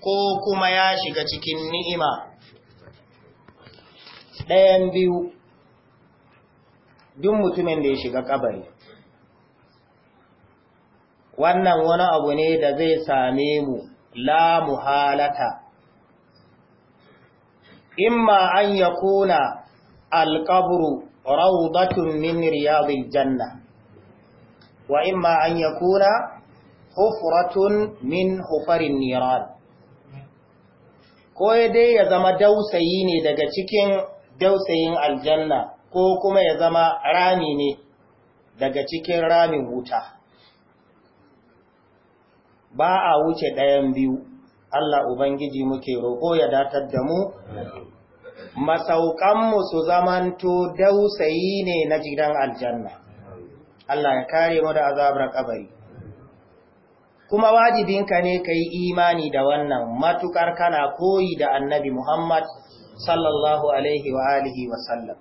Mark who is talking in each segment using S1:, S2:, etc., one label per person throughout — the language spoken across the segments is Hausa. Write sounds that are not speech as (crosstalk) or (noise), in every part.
S1: ko kuma ya shiga cikin ni'ima ɗayan biyu duk mutumin da ya shiga ƙabari. wannan wani abu ne da zai same mu la muhalata imma an ya kuna alƙabru raudatun min riyadil janna wa imma an ya kuna hufuratun min hufarin niran ko dai ya zama dausayi ne daga cikin dausayin aljanna ko kuma ya zama rami ne daga cikin ramin wuta ba a wuce ɗayan biyu Allah Ubangiji muke roƙo ya datar da mu masaukanmu su zamanto dausayi ne na gidan aljanna Allah ya kare mu da azabar kabari kuma wajibinka ne ka yi imani da wannan matukar kana koyi da annabi Muhammad sallallahu Alaihi wa alihi wasallam.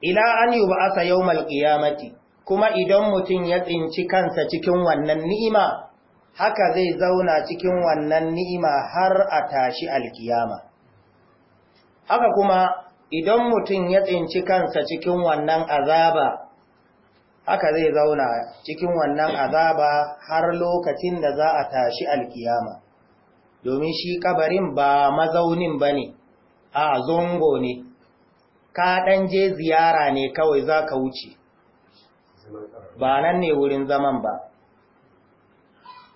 S1: Ila an yi ba'asa yau malƙiyamati, kuma idan mutum ya tsinci kansa cikin wannan ni'ima, haka zai zauna cikin wannan ni'ima har a tashi alkiyama. Haka kuma idan mutum ya tsinci kansa cikin wannan azaba, haka zai zauna cikin wannan azaba har lokacin da za a tashi alkiyama domin shi kabarin ba mazaunin ba ne a zongo ne ka ɗan je ziyara ne kawai za ka wuce ba nan ne wurin zaman ba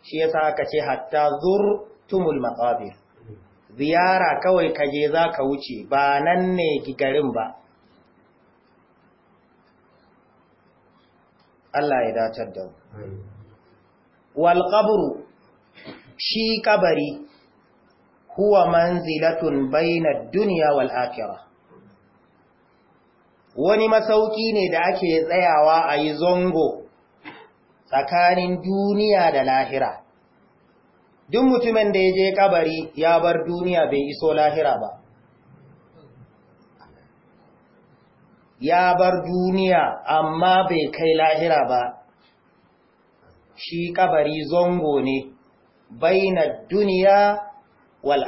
S1: shi yasa ka ce hatta zur tumul maqabir ziyara kawai ka je za ka wuce ba nan ne gigarin ba Allah ya datar da mu wal qabru shi kabari huwa manzilatun baina duniya wal akhirah wani masauki ne da ake tsayawa a yi zongo tsakanin duniya da lahira duk mutumin da ya je kabari ya bar duniya bai iso lahira ba ya bar duniya amma bai kai lahira ba shi kabari zongo ne baina duniya wal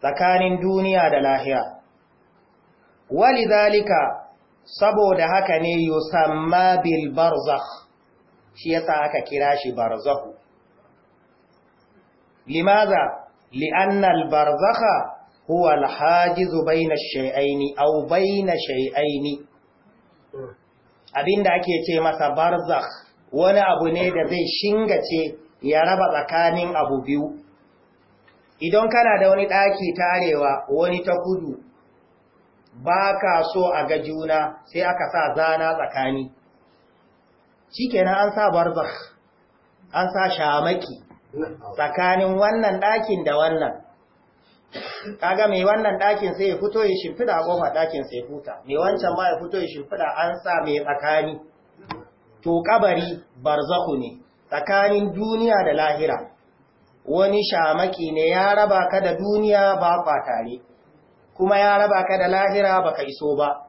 S1: tsakanin duniya da lahira zalika, saboda haka ne yusamma bil barzakh shi yasa aka kira shi barzahu limaza li'anna al barzakha الحاجز بين الشيئين shay'aini بين شيئين shay'aini abinda ake ce masa barzakh wani abu ne da zai shingace ya raba tsakanin abu biyu idan kana da wani ɗaki ta arewa wani ta kudu ba ka so a ga juna sai aka sa zana tsakani shi an sa barzakh an sa shamaki tsakanin wannan ɗakin da wannan kaga mai wannan ɗakin sai ya fito ya shimfida a ƙofa ɗakin sai huta mai wancan ba ya fito ya shimfida an sa mai tsakani to kabari barzaku ne tsakanin duniya da lahira wani shamaki ne ya raba ka da duniya ba kwa tare kuma ya raba ka da lahira ba ka iso ba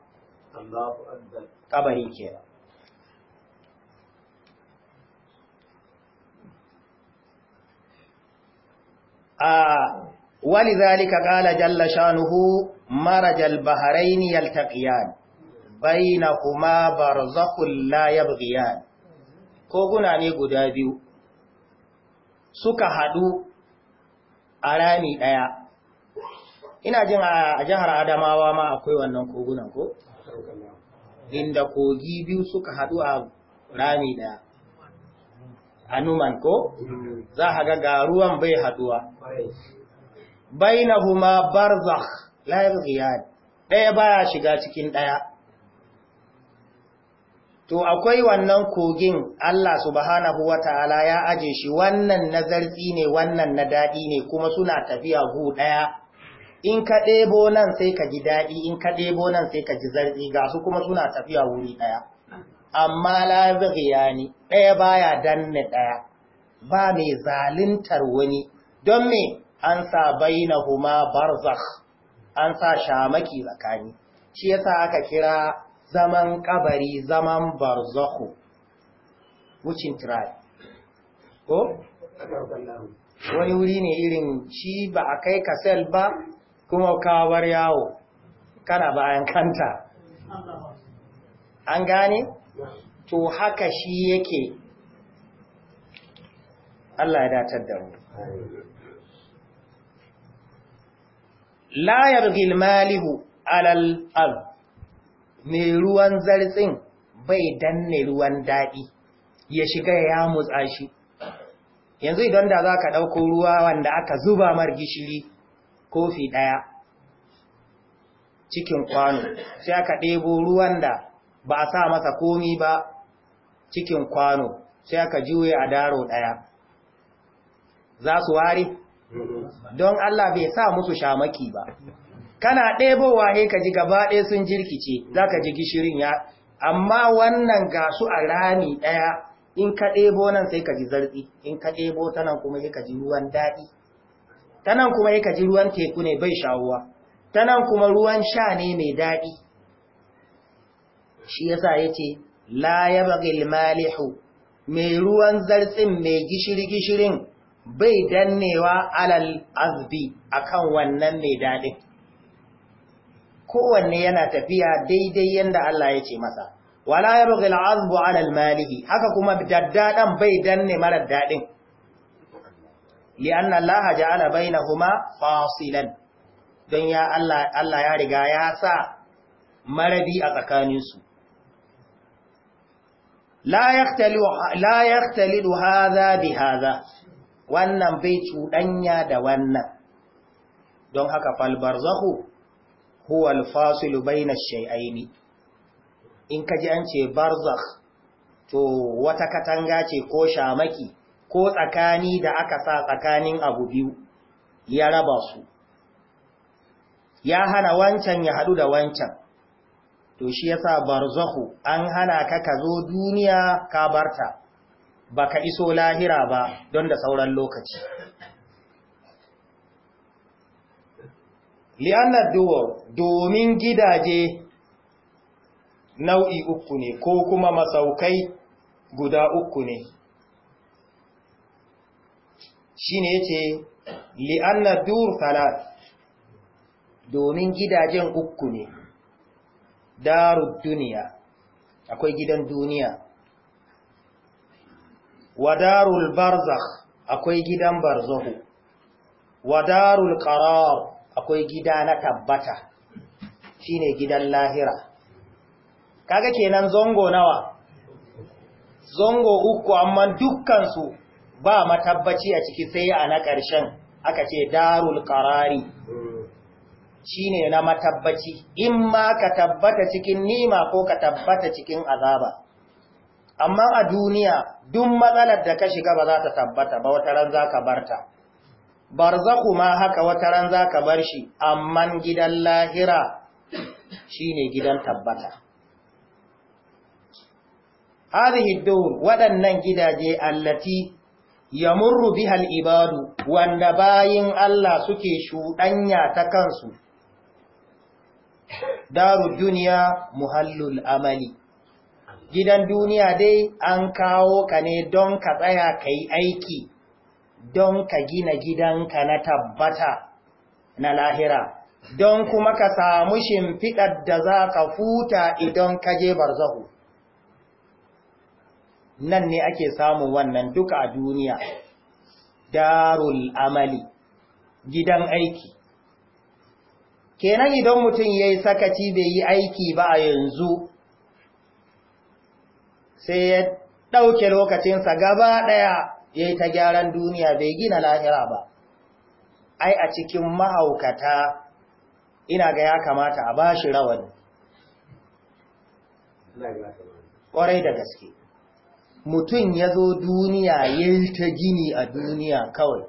S1: kabari kenan a ah, ولذلك قال جل شانه مرج البحرين يلتقيان بينهما برزخ لا يبغيان koguna ne guda biyu suka haɗu a rami ɗaya ina jin a jihar adamawa ma akwai wannan kogunan ko inda kogi biyu suka haɗu a rami ɗaya a numan ko za a ga ruwan bai haɗuwa bainahuma barzakh la yabghiyad daya baya shiga cikin daya to akwai wannan kogin Allah subhanahu wataala ya aje shi wannan nazarci ne wannan na dadi ne kuma suna tafiya gu daya in ka debo nan sai ka ji dadi in ka debo nan sai ka ji zarzi ga su kuma suna tafiya wuri daya amma la yaghiyani daya baya danne daya ba mai zaluntar wani don me an sa huma barzakh an sa shamaki tsakani shi yasa aka kira zaman kabari zaman barzakhu wucin tirai ko wani wuri ne irin shi ba a kai kasel ba kuma kawar yawo kana bayan kanta an gane to haka shi yake Allah ya datar da mu Layar gilmalihu malihu alal al mai ruwan zartsin bai danne ruwan daɗi ya shiga ya mutsa shi yanzu idan da za ka ɗauko ruwa wanda aka zuba mar gishiri kofi ɗaya cikin kwano sai aka ɗebo ruwan da ba a sa masa komi ba cikin kwano sai aka juye a daro ɗaya za su ware don Allah bai sa musu shamaki ba kana ɗebowa he ka ji gaba ɗaya sun jirkice za ka ji gishirin ya amma wannan ga su a rami ɗaya in ka ɗebo nan sai ka ji zartsi in ka ɗebo ta nan kuma he ka ji ruwan daɗi ta nan kuma he ka ji ruwan teku ne bai shawuwa ta nan kuma ruwan sha ne mai daɗi shi yasa ya ce la ya bagil malihu mai ruwan zartsin mai gishiri-gishirin bai dannewa alal azbi akan wannan mai daɗin kowanne yana tafiya daidai yadda Allah ya ce masa wala ya rugil azbu alal malihi haka kuma daddaɗan bai danne marar daɗin li'anna Allah ja'ala bainahuma fasilan don ya Allah ya riga ya sa maradi a tsakaninsu la yaqtali la bi haza. wannan bai cuɗanya da wannan don haka falbarzahu huwa alfasilu baina shay'aini in ka ji an ce barzakh to wata katanga ce ko shamaki ko tsakani da aka sa tsakanin abu biyu ya raba su ya hana wancan ya hadu da wancan to shi yasa barzakhu an hana ka ka zo duniya ka barta baka iso lahira ba don da sauran lokaci li'annar duwar domin gidaje nau'i uku ne ko kuma masaukai guda uku ne shi ne ce li'annar dur salat domin gidajen uku ne darud duniya akwai gidan duniya wadarul barzakh akwai gidan barzahu wadarul qarar akwai gida na tabbata shine gidan lahira kaga kenan zongo nawa zongo uku amma dukkan su ba matabbaci a ciki sai a na ƙarshen aka ce darul qarari shine na matabbaci in ma ka tabbata cikin nima ko ka tabbata cikin azaba amma a duniya duk matsalar da ka shiga ba za ta tabbata ba wata ran za ka barta barzaku ma haka wata ran za ka bar shi amma gidan lahira shine gidan tabbata hadhihi waɗannan gidaje allati murru bihal ibadu wanda bayin Allah suke shuɗanya ta kansu daru duniya muhallul amali gidan duniya dai an kawo ka ne don ka tsaya ka yi aiki don ka gina gidanka na tabbata na lahira don kuma ka samu shimfiɗar da za ka futa idan ka je barzahu nan ne ake samun wannan duka a duniya darul amali gidan aiki kenan idan mutum ya yi sakaci bai yi aiki ba a yanzu sai ya ɗauke lokacinsa gaba ɗaya ya yi ta gyaran duniya bai gina lahira ba ai a cikin mahaukata ina ga ya kamata a ba shi rawani ƙwarai da gaske mutum ya zo duniya ya yi ta gini a duniya kawai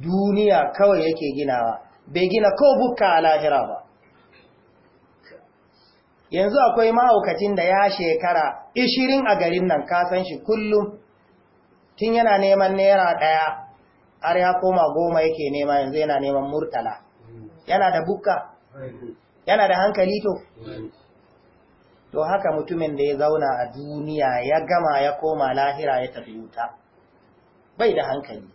S1: duniya kawai yake ginawa bai gina ko bukka a lahira ba yanzu akwai mahaukacin da ya shekara ishirin a garin nan kasan shi kullum tun yana neman naira ɗaya har ya koma goma yake nema yanzu yana neman murtala yana da bukka yana da hankali to to haka mutumin da ya zauna a duniya ya gama ya koma lahira ya tafi wuta bai da hankali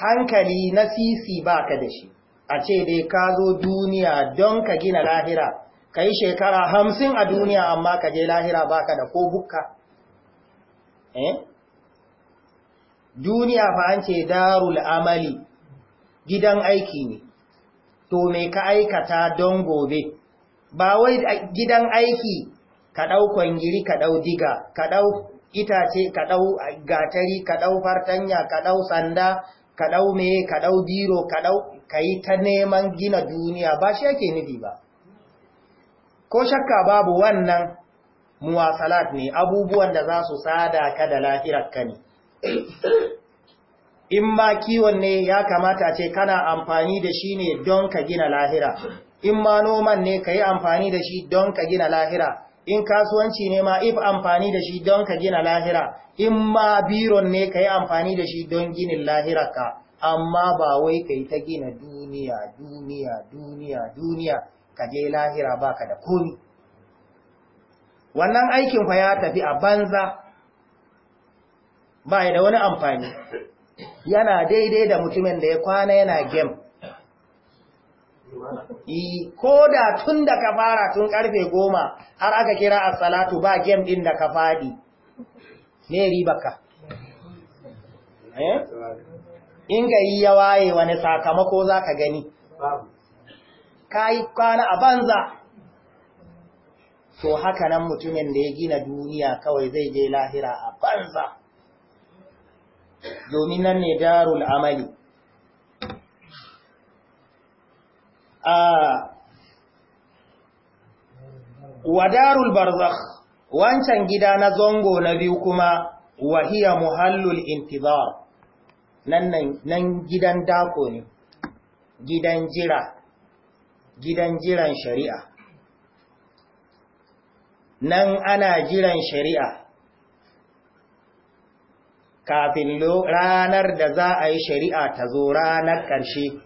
S1: hankali na sisi ba ka da shi a ce dai ka zo duniya don ka gina lahira ka yi shekara hamsin a duniya amma ka je lahira baka da ko bukka eh? duniya fa an ce darul amali gidan aiki ne to me ka aikata don gobe ba wai gidan aiki ka ɗau kwangiri ka ɗau diga ka ɗau itace ka ɗau gatari ka ɗau fartanya ka ɗau sanda ka ɗau meye ka ɗau biro ka ɗau ka yi ta neman gina duniya ba shi yake nufi ba ko shakka babu wannan muwasalat ne abubuwan da za su sada ka da lahirarka ne in ma kiwon ne ya kamata ce kana amfani da shi ne don ka gina lahira in ma noman ne ka yi amfani da shi don ka gina lahira in kasuwanci ne ma if amfani da shi don ka gina lahira in ma biron ne ka yi amfani da shi don ginin lahirarka amma ba wai kai ta gina duniya duniya duniya duniya ka je lahira baka da komi wannan aikin fa ya tafi a banza ba da wani amfani yana daidai da mutumin da ya kwana yana gem. E, ko da tun da ka fara tun karfe goma har aka kira a salatu ba gem din da ka faɗi ne ribaka
S2: eh in yi ya waye wani sakamako
S1: za ka gani ka yi kwana a banza to haka nan mutumin da ya gina duniya kawai zai je lahira a banza domin nan ne darul amali a wa darul barzakh wancan gida na zongo na biyu kuma wahiya muhallul intizar nan gidan dako ne gidan jira gidan jiran shari'a nan ana jiran shari'a kafin ranar da za a yi shari'a ta zo ranar ƙarshe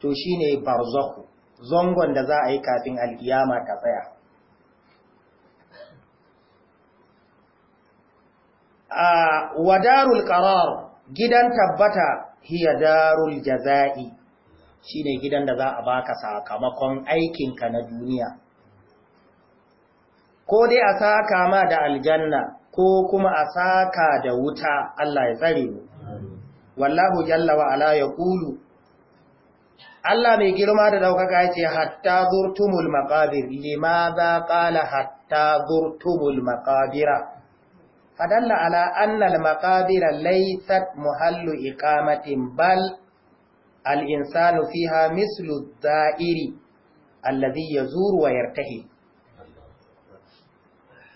S1: to shi ne barzahu zangon da za a yi kafin alkiyama ta tsaya a wadarul ƙararru gidan tabbata hiya darul jaza'i shine gidan da za a baka sakamakon aikinka na duniya ko dai a saka ma da aljanna ko kuma a saka da wuta Allah ya tsare mu wallahu jalla wa ala yaqulu Allah mai girma da daukaka yace hatta zurtumul maqabir limadha qala hatta zurtumul maqabira فدل على أن المقابر ليست محل إقامة بل الإنسان فيها مثل الدائري الذي يزور ويرتهي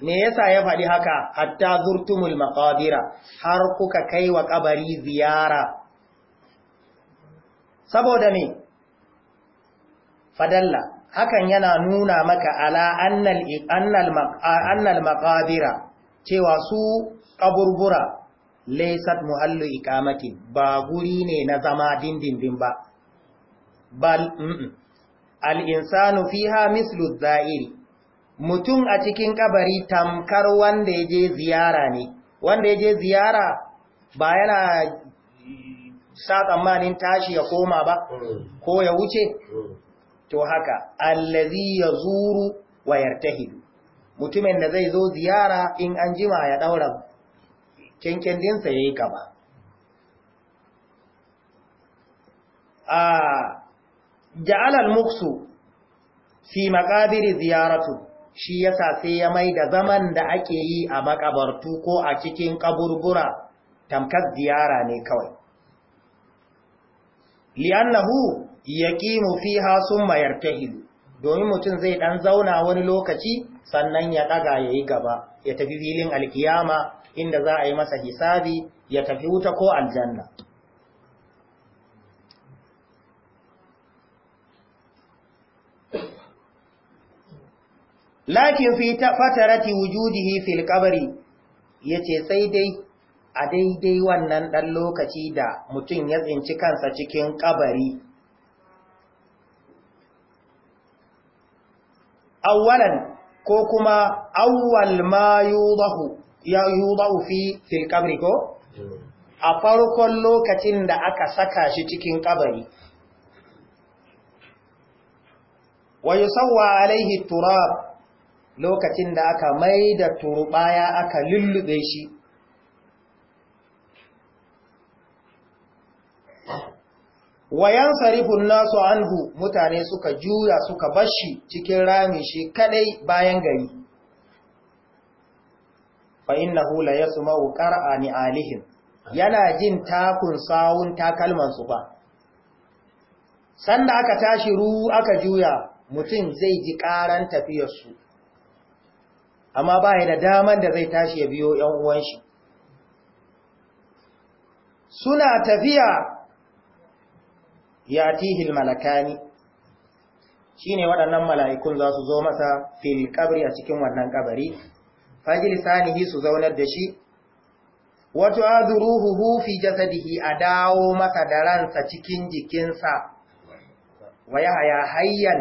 S1: me yasa ya faɗi haka hatta zurtumul maqabira har kuka kai wa kabari ziyara saboda me fadalla hakan yana nuna maka ala annal cewa su ƙaburbura, laysat muhallu iqamati ba guri ne na zama dindindin ba bal al-insanu fiha mislu zairi mutum a cikin kabari tamkar wanda yaje je ziyara ne wanda ya je ziyara ba yana sa tsammanin tashi ya koma ba ko ya wuce mm. to haka allazi yazuru wa yartahidu mutumin da zai zo ziyara in an jima ya ɗaura kyankyandinsa ya yi gaba a ja'alal muksu fi makabiri ziyaratu shi yasa sai ya mai da zaman da ake yi a makabartu ko a cikin kaburbura tamkar ziyara ne kawai li'annahu yaqimu mayar ta hilu, domin mutum zai ɗan zauna wani lokaci sannan ya ɗaga ya yi gaba ya tafi filin alkiyama inda za a yi masa hisabi ya tafi wuta ko aljanna lakin fi fatarati wujudihi fil ya ce, sai dai a daidai wannan ɗan lokaci da mutum ya tsinci kansa cikin ƙabari. Awwalan ko kuma awwal ma yudahu ya yudahu fi fil qabri ko hmm. a farkon lokacin da aka saka shi cikin kabari wa yusawwa alaihi turab lokacin da aka maida ya aka lullube shi wayan sarifin nasu anhu mutane suka juya suka bashi cikin rami shi kadai bayan gari fa innahu la yasma'u mawukar a alihim yana jin takun sawun takalman su fa sanda aka tashi ru aka juya mutum zai ji karan tafiyarsu. amma ba da daman da zai tashi ya biyo yan uwan suna tafiya Ya yatihil malakani shine waɗannan mala'ikun za su zo masa fil kabri a cikin wannan kabari sanihi su zaunar da shi wato adruhu fi jasadihi a dawo masa da ransa cikin jikinsa wa haya hayyan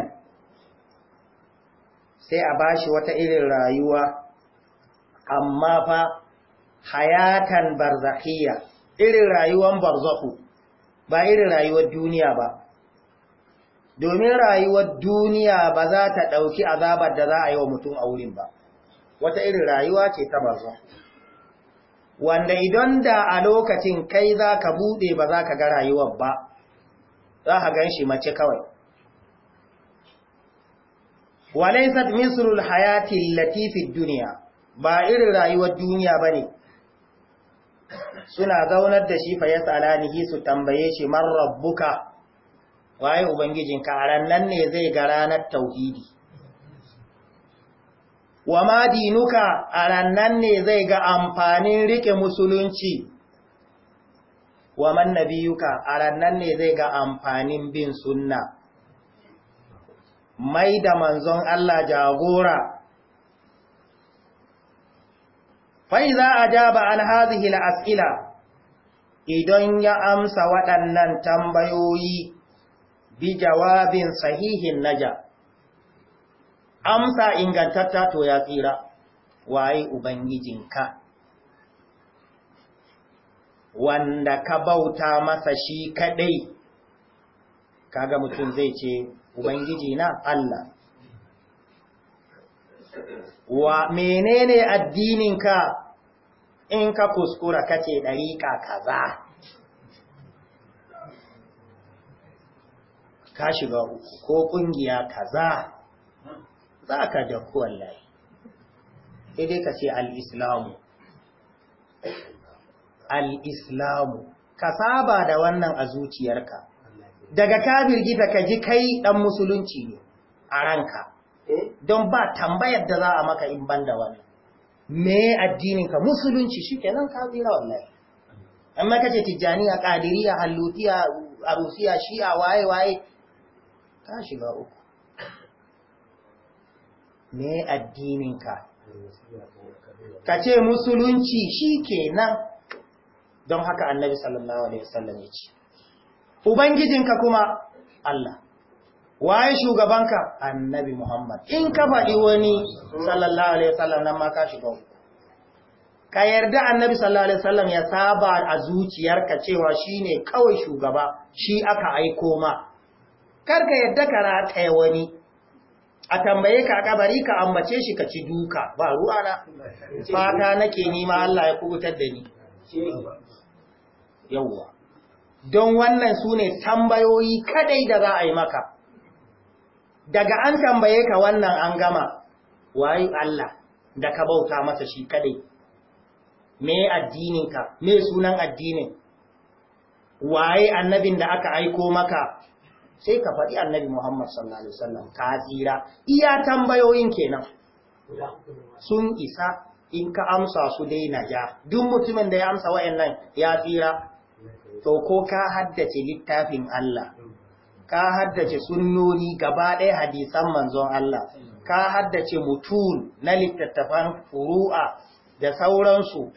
S1: sai a bashi wata irin rayuwa amma fa hayatan barzakhiyya irin rayuwan barzakhu ba irin rayuwar duniya ba domin rayuwar duniya ba za ta ɗauki azabar da za a yi wa mutum a wurin ba wata irin rayuwa ce ta barzo wanda idan da a lokacin kai za ka buɗe ba za ka ga rayuwar ba za ka gan shi mace kawai walaisat misrul hayati latifin duniya ba irin rayuwar duniya bane suna zaunar da shi fa yasalanihi su tambaye shi man rabbuka waye ubangijinka a rannan ne zai ga ranar tauhidi wa ma dinuka a rannan ne zai ga amfanin rike musulunci wa man nabiyuka a rannan ne zai ga amfanin bin sunna mai da manzon Allah jagora fai za a ja ba an la'as'ila idan ya amsa waɗannan tambayoyi bi jawabin sahihin naja amsa ingantatta to ya tsira waye ubangijinka wanda ka bauta masa shi kaɗai, kaga mutum zai ce ubangiji na Allah wa menene addininka in ka kuskura kace dariƙa kaza ka shiga uku ko kungiya kaza za ka jaku wallahi sai dai ka ce al-islamu al-islamu ka saba da wannan a zuciyarka daga ka birgita ka ji kai dan musulunci ne a ranka don ba tambayar da za a maka in banda wani. me addininka musulunci shikenan ka tsira wallahi amma kace a qadiriyya a arusiya shi'a waye waye ka shiga uku me addininka kace musulunci shikenan don haka annabi sallallahu alaihi wasallam ya ce ubangijinka kuma Allah waye shugabanka annabi Muhammad in ka faɗi wani sallallahu alaihi wasallam nan ma ka shiga ka yarda annabi sallallahu alaihi wasallam ya saba a zuciyarka cewa shine kawai shugaba shi aka aiko ma kar ka yarda ka rataya wani a tambaye ka kabari ka ambace shi ka ci duka ba ruwa na fata nake nema Allah ya kubutar da ni Yauwa. don wannan sune tambayoyi kadai da za a yi maka daga an tambaye ka wannan an gama wayu Allah da ka bauta masa shi kadai me addininka me sunan addinin waye annabin da aka aiko maka sai ka faɗi annabi Muhammad sallallahu alaihi wasallam ka tsira iya tambayoyin kenan sun isa in ka amsa su dai naja duk mutumin da ya amsa wayannan ya tsira to ko ka haddace littafin Allah ka haddace sunnoni gaba ɗaya hadisan manzon Allah ka haddace mutum na littattafan furu'a da sauransu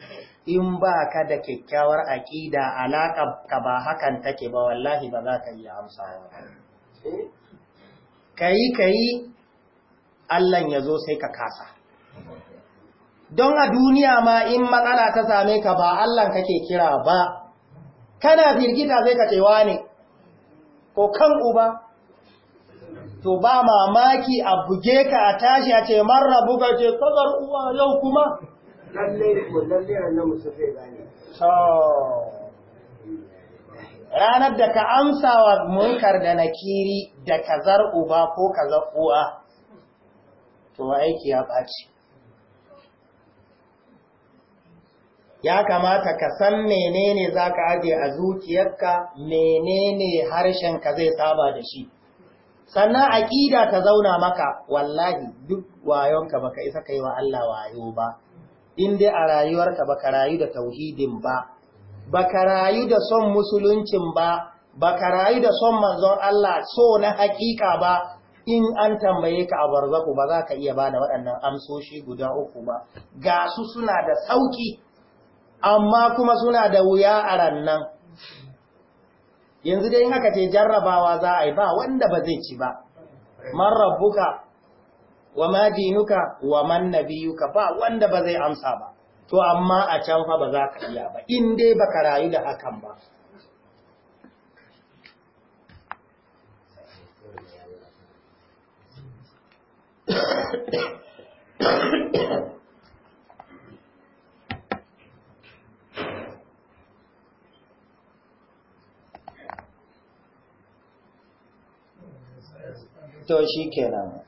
S1: in ba ka da kyakkyawar aƙida alaƙa ka ba hakan take ba wallahi ba za ka yi amsa ka yi ka yi Allahn ya zo sai ka kasa don a duniya ma in matsala ta same ka ba Allahn kake kira ba kana firgita zai ka cewa ne ko kan uba to ba mamaki a buge ka a tashi a ce marar buga ce kazar uwa yau kuma ranar da ka amsa wa munkar da nakiri da kazar uba ko kazar uwa to aiki ya ɓaci ya kamata ka san menene za ka aje a zuciyarka menene harshenka zai saba da shi sannan ƙida ta zauna maka wallahi duk wayonka baka isa ka yi wa Allah wayo ba in dai a rayuwarka baka rayu da tauhidin ba baka rayu da son musuluncin ba baka rayu da son manzon Allah so na hakika ba in an tambaye ka a barzaku ba za ka iya bada waɗannan amsoshi guda uku ba ga su suna da sauki amma kuma suna da wuya a rannan yanzu dai haka ce jarrabawa za a yi ba wanda ba zai ci ba man rabbuka wa ma dinuka wa man nabiyuka ba wanda ba zai amsa ba to amma a can fa ba za ka iya ba in dai baka rayu da hakan ba Thank (coughs) to shi kenan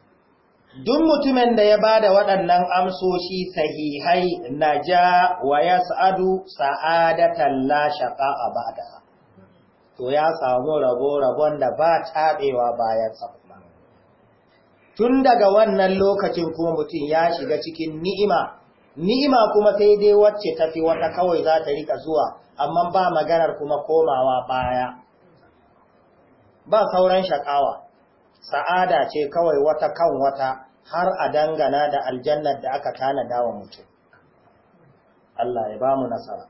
S1: duk mutumin da ya bada waɗannan amsoshi sahihai ja wa sa'adu, sa'adatan la shaqa'a ba'da to ya samu rabo rabon da ba tabewa bayan sa tun daga wannan lokacin kuma mutum ya shiga cikin ni'ima ni'ima kuma sai dai wacce tafi wata kawai za ta rika zuwa amma ba maganar kuma komawa baya ba sauran shaƙawa. sa'ada ce kawai wata kan wata har a dangana da aljannar da aka tanada wa mutum Allah ya ba mu nasara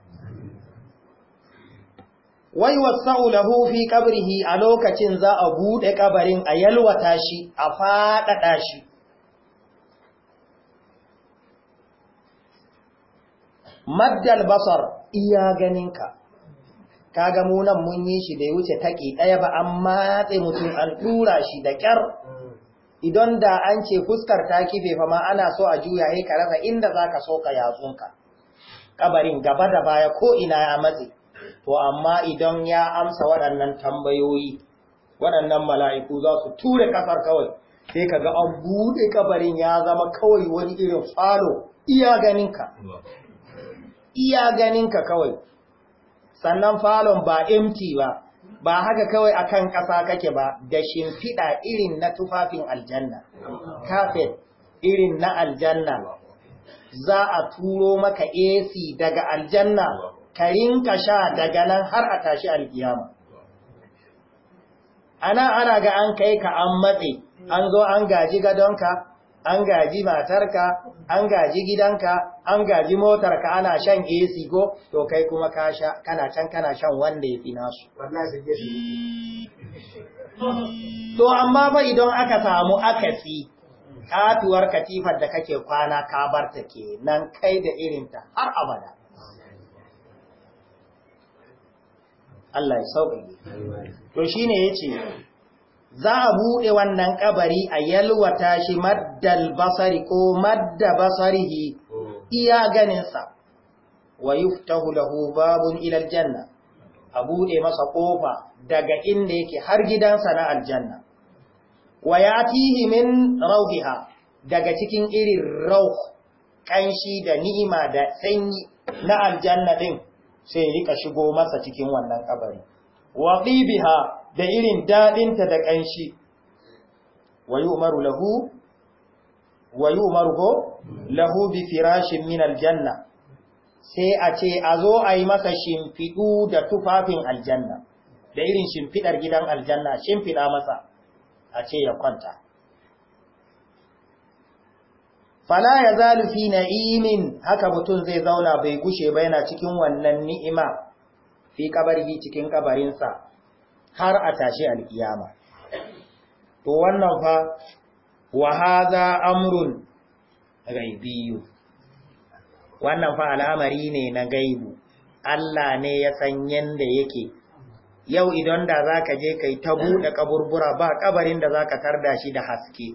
S1: wai wasa'u lahu fi ƙabrihi a lokacin za a buɗe ƙabarin a yalwata shi a faɗaɗa shi maddal basar iya ganinka kaga mu nan mun yi shi bai wuce take ɗaya ba an matse mutum an ɗura shi da ƙyar idan da an ce fuskar ta kife fa ma ana so a juya ka rasa inda za ka yatsun yatsunka kabarin gaba da baya ko ina ya matse to amma idan ya amsa waɗannan tambayoyi waɗannan mala'iku za su ture ƙasar kawai sai ka ga an buɗe kabarin ya zama kawai wani irin falo iya ganinka iya ganinka kawai sannan falon ba emti ba ba haka kawai akan ƙasa kake ba da shimfiɗa irin na tufafin aljanna kafet irin na aljanna za a turo maka AC daga aljanna ka rinka sha daga nan har a tashi alkiyama ana ana ga an kai ka an matse an zo an gaji gadonka an gaji matarka an gaji gidanka an gaji motarka ana shan AC ko to kai kuma ka kana can kana shan wanda ya fi nasu to amma ba idan aka samu akasi katuwar katifar da kake kwana ka bar ta nan kai da irinta har abada Allah ya sauƙi. to ya yace za a buɗe wannan ƙabari a yalwata shi maddal basari ko madda basarihi iya ganinsa wa yuftahu lahu babun ila aljanna a buɗe masa ƙofa daga inda yake har gidansa na aljanna wa yatihi min rauhiha daga cikin irin rauh kanshi da ni'ima da sanyi na aljanna din sai rika shigo masa cikin wannan ƙabari. wa biha da irin daɗinta da ƙanshi wa yi umaru lahu wa yi umaru ko lahu bi firashin min aljanna sai a ce a zo a yi masa shimfiɗu da tufafin aljanna da irin shimfiɗar gidan aljanna shimfiɗa masa a ce ya kwanta fala ya zalufi na'imin haka mutum zai zauna bai gushe ba yana cikin wannan ni'ima fi kabari cikin kabarinsa har a tashi alkiyama to wannan fa wa hadha amrun ghaibiyyu wannan fa al'amari ne na gaibu Allah ne ya san yanda yake yau idan da zaka je kai ta buɗe kaburbura ba kabarin da zaka tarda shi da haske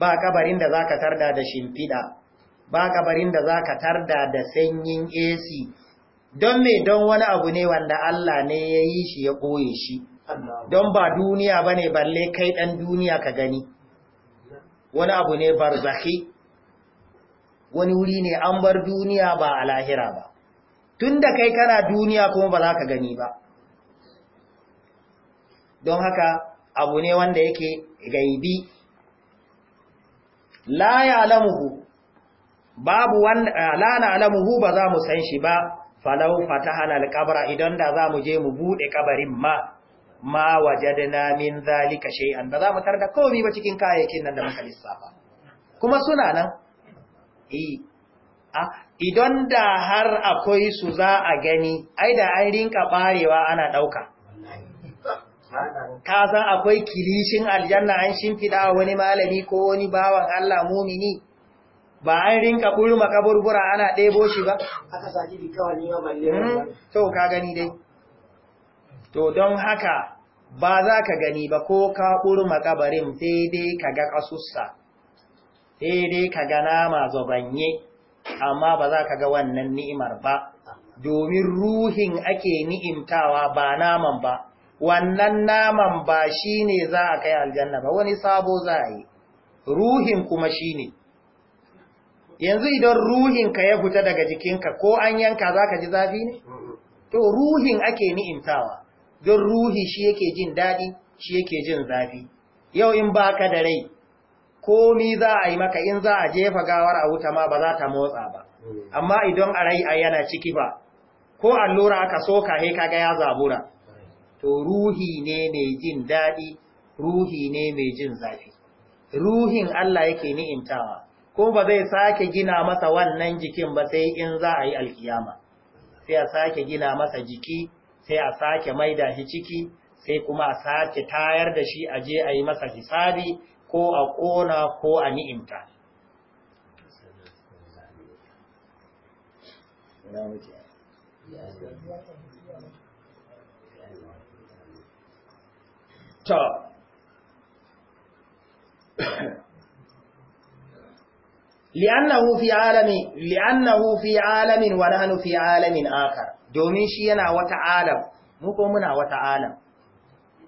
S1: ba kabarin da zaka tarda da shimfida ba kabarin da zaka tarda da sanyin AC don me don wani abu ne wanda Allah ne ya yi shi ya ɓoye shi don ba duniya ba ne balle kai ɗan duniya ka gani wani abu ne barzaki wani wuri ne an bar duniya ba a lahira ba tun da kai kana duniya kuma ba za ka gani ba don haka abu ne wanda yake gaibi la ya alamuhu babu wanda la na alamuhu ba za mu san shi ba falau fatahana alqabra idan da za mu je mu bude kabarin ma ma wajadna min zalika shay'an ba za mu tarda komai ba cikin kayayyakin nan da muka lissafa kuma suna nan e, idan da har akwai su za a gani ai da an rinka barewa ana ɗauka. ka san akwai kilishin aljanna an shimfida wani malami ko wani bawan Allah mumini ba an rinka kurma kaburbura ana ɗebo shi ba aka saki dikawani ma balle hmm? to ka gani dai to don haka ba za ka gani ba ko ka kurma kabarin sai dai ka ga ƙasussa, sai dai ka ga nama zobanye amma ba za ka ga wannan ni'imar ba domin ruhin ake ni'imtawa ba naman ba wannan naman ba shine za a kai aljanna ba wani sabo za a yi ruhin kuma shine yanzu idan ruhin ka ya fita daga jikinka ko an yanka za ka ji zafi ne? To ruhin ake ni'intawa don ruhi shi yake jin daɗi, shi yake jin zafi. Yau in ba ka da rai, komi za a yi maka in za a jefa gawar a wuta ma ba za ta motsa ba. Amma idan a rai a yana ciki ba, ko allura aka soka he kaga ya zabura. To ruhi ne mai jin daɗi, ruhi ne mai jin zafi. Ruhin Allah yake ni'intawa. ko ba zai sake gina masa wannan jikin ba sai in za a yi alkiyama sai a sake gina masa jiki sai a sake maida shi ciki sai kuma a sake tayar da shi a je a yi masa hisabi ko a ƙona ko a ni'imta (coughs) li'annahu fi alamin li'annahu fi alamin wa nahnu fi alamin akhar domin shi yana wata alam mu ko muna wata alam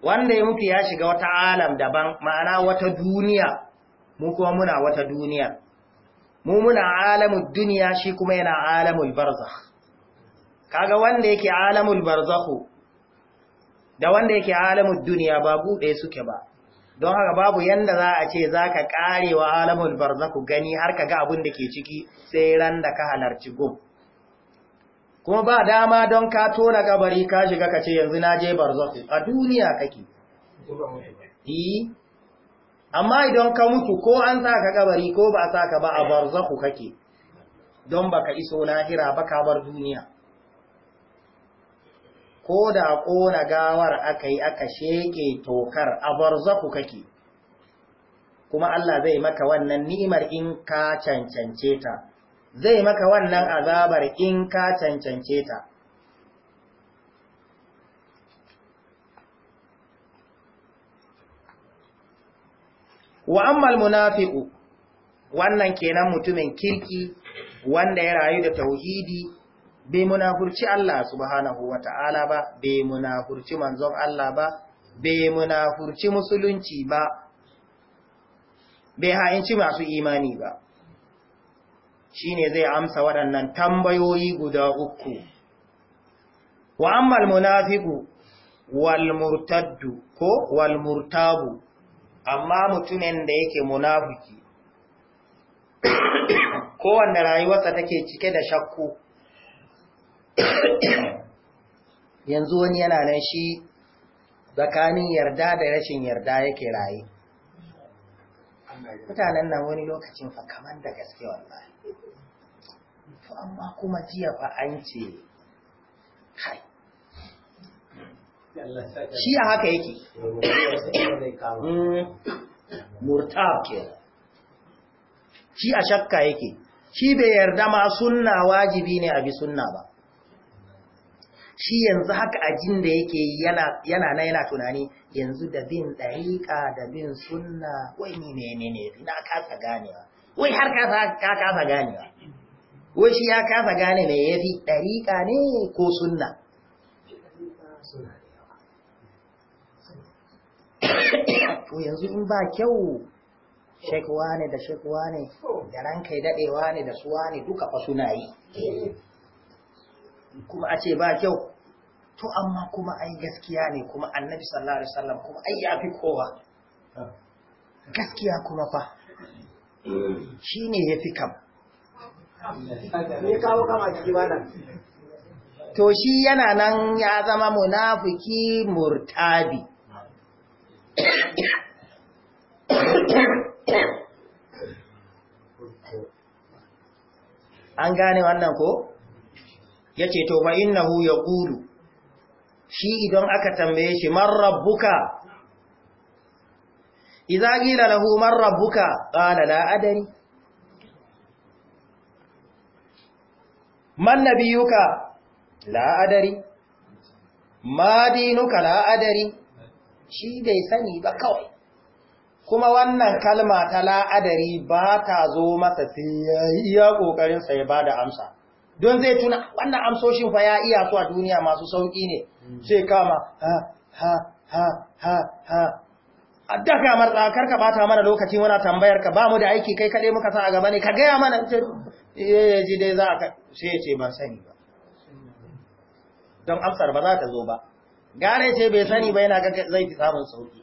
S1: wanda ya muke ya shiga wata alam daban ma'ana wata duniya mu kuma muna wata duniya mu muna alamul duniya shi kuma yana alamul barzakh kaga wanda yake alamul barzakh da wanda yake alamul duniya ba gude suke ba don haka babu yanda za a ce za ka ƙare wa alamul barzaku gani har ka ga abin da ke ciki sai ran da ka halarci gum kuma ba dama don ka tona kabari ka shiga ka ce yanzu na je barzaku a duniya kake amma idan ka mutu ko an sa ka kabari ko ba a sa ka ba a barzaku kake don ba ka iso lahira ba ka bar duniya ko da ƙona gawar aka yi aka sheƙe tokar a barzaku kake kuma Allah zai maka wannan ni'imar in ka cancance ta zai maka wannan azabar in ka cancance ta wa ammal munafiqu wannan kenan mutumin kirki wanda ya rayu da tauhidi bai munafurci Allah subhanahu wa ta'ala ba, bai munafurci manzon Allah ba, bai munafurci musulunci ba, bai ha'inci masu imani ba. Shi ne zai amsa waɗannan tambayoyi guda uku. Wa ammal munafiku walmurtaddu ko walmurtabu, amma mutumin da yake munafuki. (coughs) kowanne rayuwarsa take cike da shakku. (coughs) yanzu wani yana nan shi tsakanin yarda da rashin yarda yake raye mutanen nan wani lokacin fa kamar da gaske wallahi to amma kuma jiya fa an ce kai shi a haka yake hmm. murtab ke shi a shakka yake shi bai yarda ma sunna wajibi ne a bi sunna ba shi yanzu haka ajin da yake yana na yana tunani yanzu da bin ɗariƙa da bin sunna wai ni ne ne ne na kasa ganewa wai har ka ka kasa ganewa wai shi ya kasa gane me fi ɗariƙa ne ko sunna to yanzu in ba kyau shekwa ne da shekwa ne da ranka ya daɗewa ne da suwa ne duka fa suna yi kuma a ce ba kyau to amma kuma ai gaskiya ne kuma annabi sallallahu alaihi wasallam kuma ai ya fi kowa ah. gaskiya kuma fa shi ne ya fi kam to shi yana nan ya zama munafiki murtabi an gane wannan ko ya ce to ba innahu ya shi idan aka tambaye shi man rabbuka idza qila lahu man rabbuka qala la adri man nabiyuka la adri ma dinuka la adri shi bai sani ba kawai kuma wannan kalma ta la adri ba ta zo masa sai ya kokarin sai ba da amsa don zai tuna wannan amsoshin fa ya iya su a duniya masu sauƙi ne hmm. sai kama ha ha ha ha ha addaka mar kar ka bata mana lokaci muna tambayar ka ba mu da aiki kai kaɗe muka sa a gaba ne ka gaya mana eh, yi ji dai za a sai ce ban sani ba don amsar ba za ta zo ba Gane ce bai sani ba yana ga zai fi samun sauki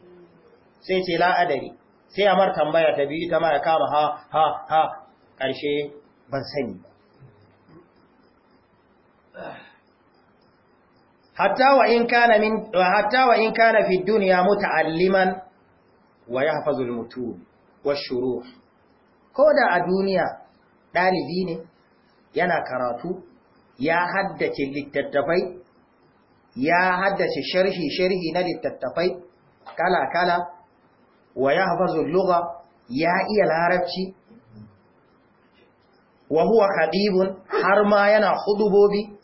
S1: sai ce la'adari sai amar tambaya ta biyu ta mara kama ha ha ha ƙarshe ban sani ba hatta wa in kana min hatta fi dunya muta'alliman wa yahfazu al-mutun wash-shuru' koda a duniya ɗalibi ne yana karatu ya haddace littattafai ya haddace sharhi sharhi na littattafai kala kala wa yahfazu al-lugha ya iya larabci wa huwa khadibun har ma yana hudubobi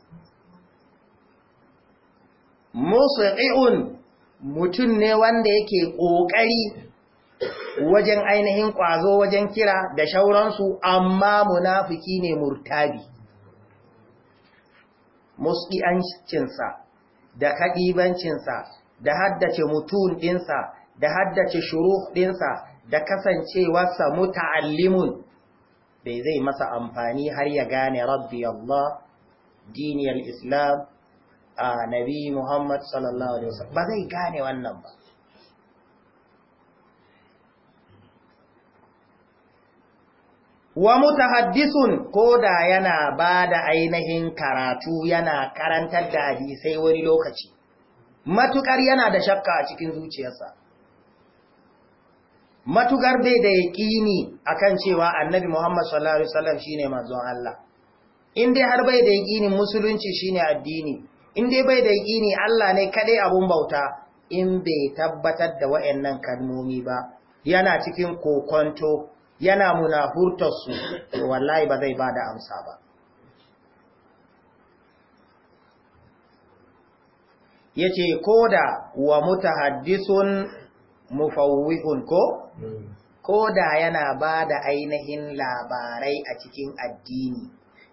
S1: musa'i'un mutum ne wanda yake ƙoƙari wajen ainihin ƙwazo wajen kira da shauransu amma munafiki ne murtabi mus'i'ancinsa da kaɗibancinsa da haddace mutum ɗinsa da haddace shuru ɗinsa da kasancewarsa muta'allimun bai zai masa amfani har ya gane rabbi Allah diniyar islam a nabi Muhammad sallallahu Alaihi wasallam ba zai gane wannan ba. Wa mutahaddisun ko da yana ba da ainihin karatu yana karantar da hadisai wani lokaci, matukar yana da shakka a cikin zuciyarsa. Matukar bai da yaƙini akan cewa annabi Muhammad sallallahu Alaihi wasallam shi ne manzon Allah, in dai har bai da yaƙinin musulunci shi ne addini. in dai bai da ne Allah ne kadai abun bauta in bai tabbatar da wayannan kalmomi ba yana cikin kokonto yana munafurtar su to wallahi ba zai bada amsa ba yace da wa mutahaddisun mufawwihun ko da yana ba da ainihin labarai a cikin addini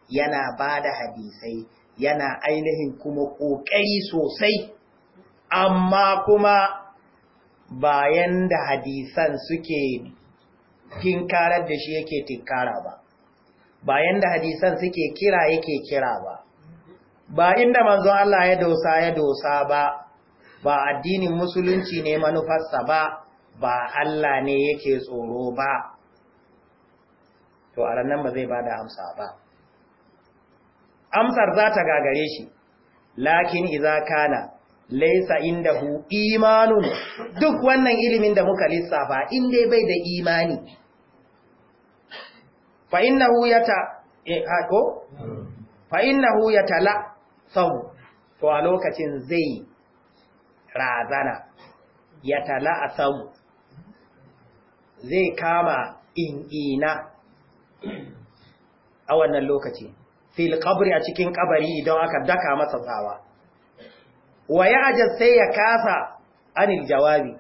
S1: yana ba da hadisai yana ainihin kuma ƙoƙari sosai amma kuma bayan da hadisan suke tinkarar da shi yake tinkara ba bayan da hadisan suke kira yake kira ba ba inda manzon Allah ya dosa ya dosa ba ba addinin musulunci ne manufarsa ba ba Allah ne yake tsoro ba to a nan ba zai ba da amsa ba amsar za ta gagare shi lakin iza kana laisa indahu imanun duk wannan ilimin da muka lissafa inda bai da imani fa innahu yata eh, ko fa sau to a lokacin zai razana a sau zai kama in'ina a wannan lokacin. fil qabri a cikin kabari don aka daka masa tsawa wa ya'jaz sai ya kasa anil jawabi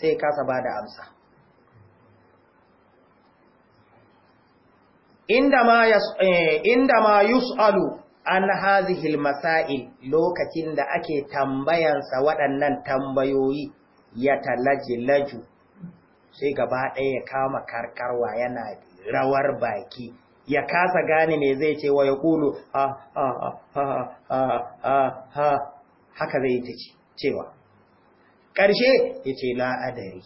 S1: sai ya kasa bada amsa inda ma yas eh, yusalu an hadhihi masail lokacin da ake tambayansa waɗannan tambayoyi ya laju, sai gaba ɗaya ya kama karkarwa yana rawar baki ya kasa gane me zai ce wa ya kulu ha ha ha ha ha haka zai ta cewa ƙarshe ya ce la'adari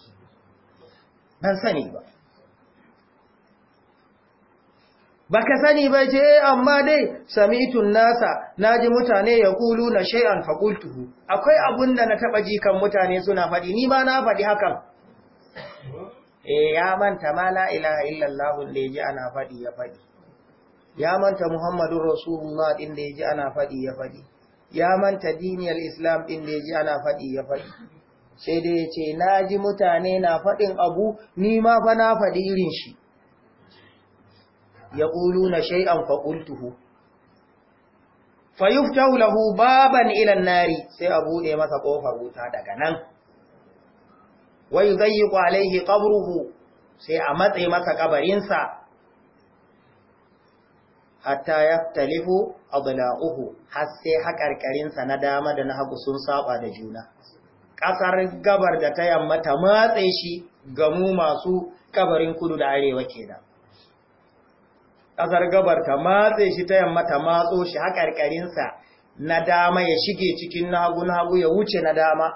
S1: ban sani ba baka sani ba ce amma dai samitun nasa na ji mutane ya kulu na shay'an faqultuhu akwai abun da na taɓa jikan mutane suna faɗi, ni ma na faɗi hakan eh ya manta ma la ilaha illallah ji ana faɗi ya faɗi. ya manta Muhammadun Rasulullah ɗin da ya ji ana faɗi ya faɗi, ya manta diniyar Islam ɗin da ya ji ana faɗi ya faɗi, sai dai ya ce, Na ji mutane na faɗin abu, ni ma fa na faɗi irin shi, ya ƙulu na shai'an faƙultuhu. Fayuftahu lahu baban ilan nari sai a buɗe masa ƙofar wuta daga nan, wai zai yi alaihi ƙabruhu sai a matse masa ƙabarinsa. hatta ya yaftalihu adla'uhu har sai haƙarƙarinsa na dama da na hagu sun saba da juna ƙasar gabar da ta yammata ta matse shi gamu masu kabarin kudu da arewa kenan ƙasar gabar ta matse shi ta yammata matso shi haƙarƙarinsa na dama ya shige cikin na hagu na hagu ya wuce na dama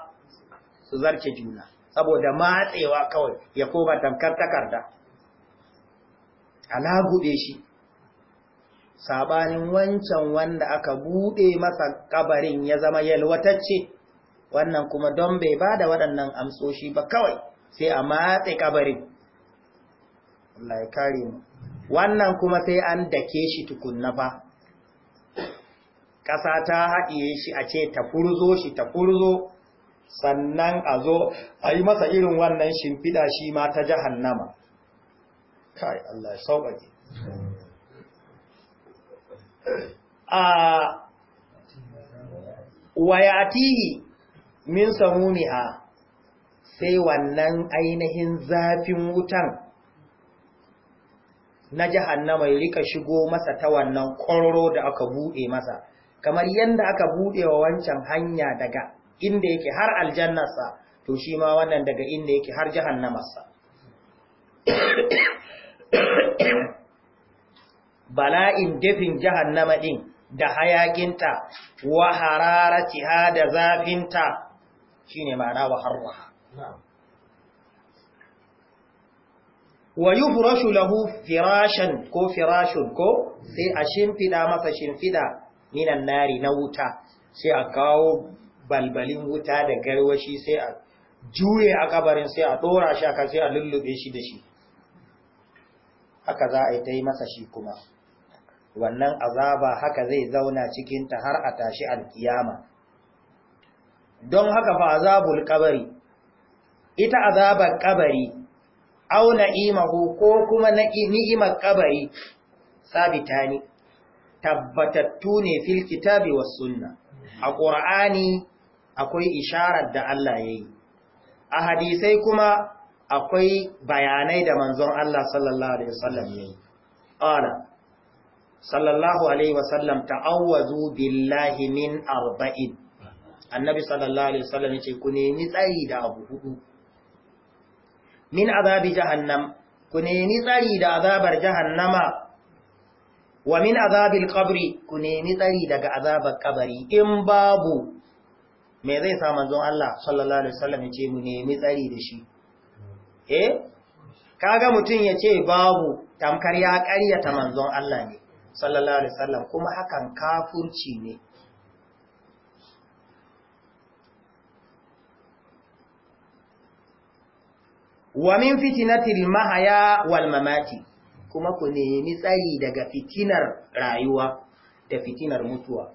S1: su zarce juna saboda matsewa kawai ya koma tamkar takarda a lagude shi sabanin wancan wanda aka bude masa kabarin ya zama yalwatacce wannan kuma don bai bada waɗannan amsoshi ba kawai sai a matse kabarin Allah wannan kuma sai an dake shi tukunna fa ƙasa ta haɗiye shi a ce ta furzo shi ta furzo sannan a zo a yi masa irin wannan shimfiɗa shi ma ta jahannama kai Allah ya sauƙaƙe a wayatihi min a sai wannan ainihin zafin wutan na jahannama ya rika shigo masa ta wannan kororo da aka buɗe masa kamar yadda aka buɗe wa wancan hanya daga inda yake har aljannarsa to shi ma wannan daga inda yake har jahannamarsa bala'in dafin jahannama din da hayakinta wa hararatiha da zafinta shine ma'ana wa harwaha wa yufrashu lahu firashan ko firashun ko sai a shimfiɗa masa shimfiɗa minan nari na wuta sai a kawo balbalin wuta da garwashi sai a juye a kabarin sai a dora shi sai a lullube shi da shi haka za a yi ta yi masa shi kuma wannan azaba haka zai zauna cikinta har a tashi alkiyama don haka fa azabul kabari ita azabar kabari au na'imahu ko kuma ni'imar kabari ne tabbatattu ne fil kitabi was sunna a qur'ani akwai isharar da Allah yayi a hadisai kuma akwai bayanai da manzon Allah sallallahu alaihi wasallam yayi qala sallallahu alaihi wasallam ta'awwazu billahi min arba'in annabi sallallahu alaihi wasallam yace ku nemi tsari da abu hudu min azabi jahannam ku nemi tsari da azabar jahannama wa min azabil qabri ku nemi tsari daga azabar kabari in babu me zai sa manzon Allah sallallahu alaihi wasallam yace mu nemi tsari da shi eh kaga mutun yace babu tamkar ya ƙaryata manzon Allah ne sallallahu alaihi wasallam kuma hakan kafurci ne wa min fitinatil mahaya wal mamati kuma ku nemi tsari daga fitinar rayuwa da fitinar mutuwa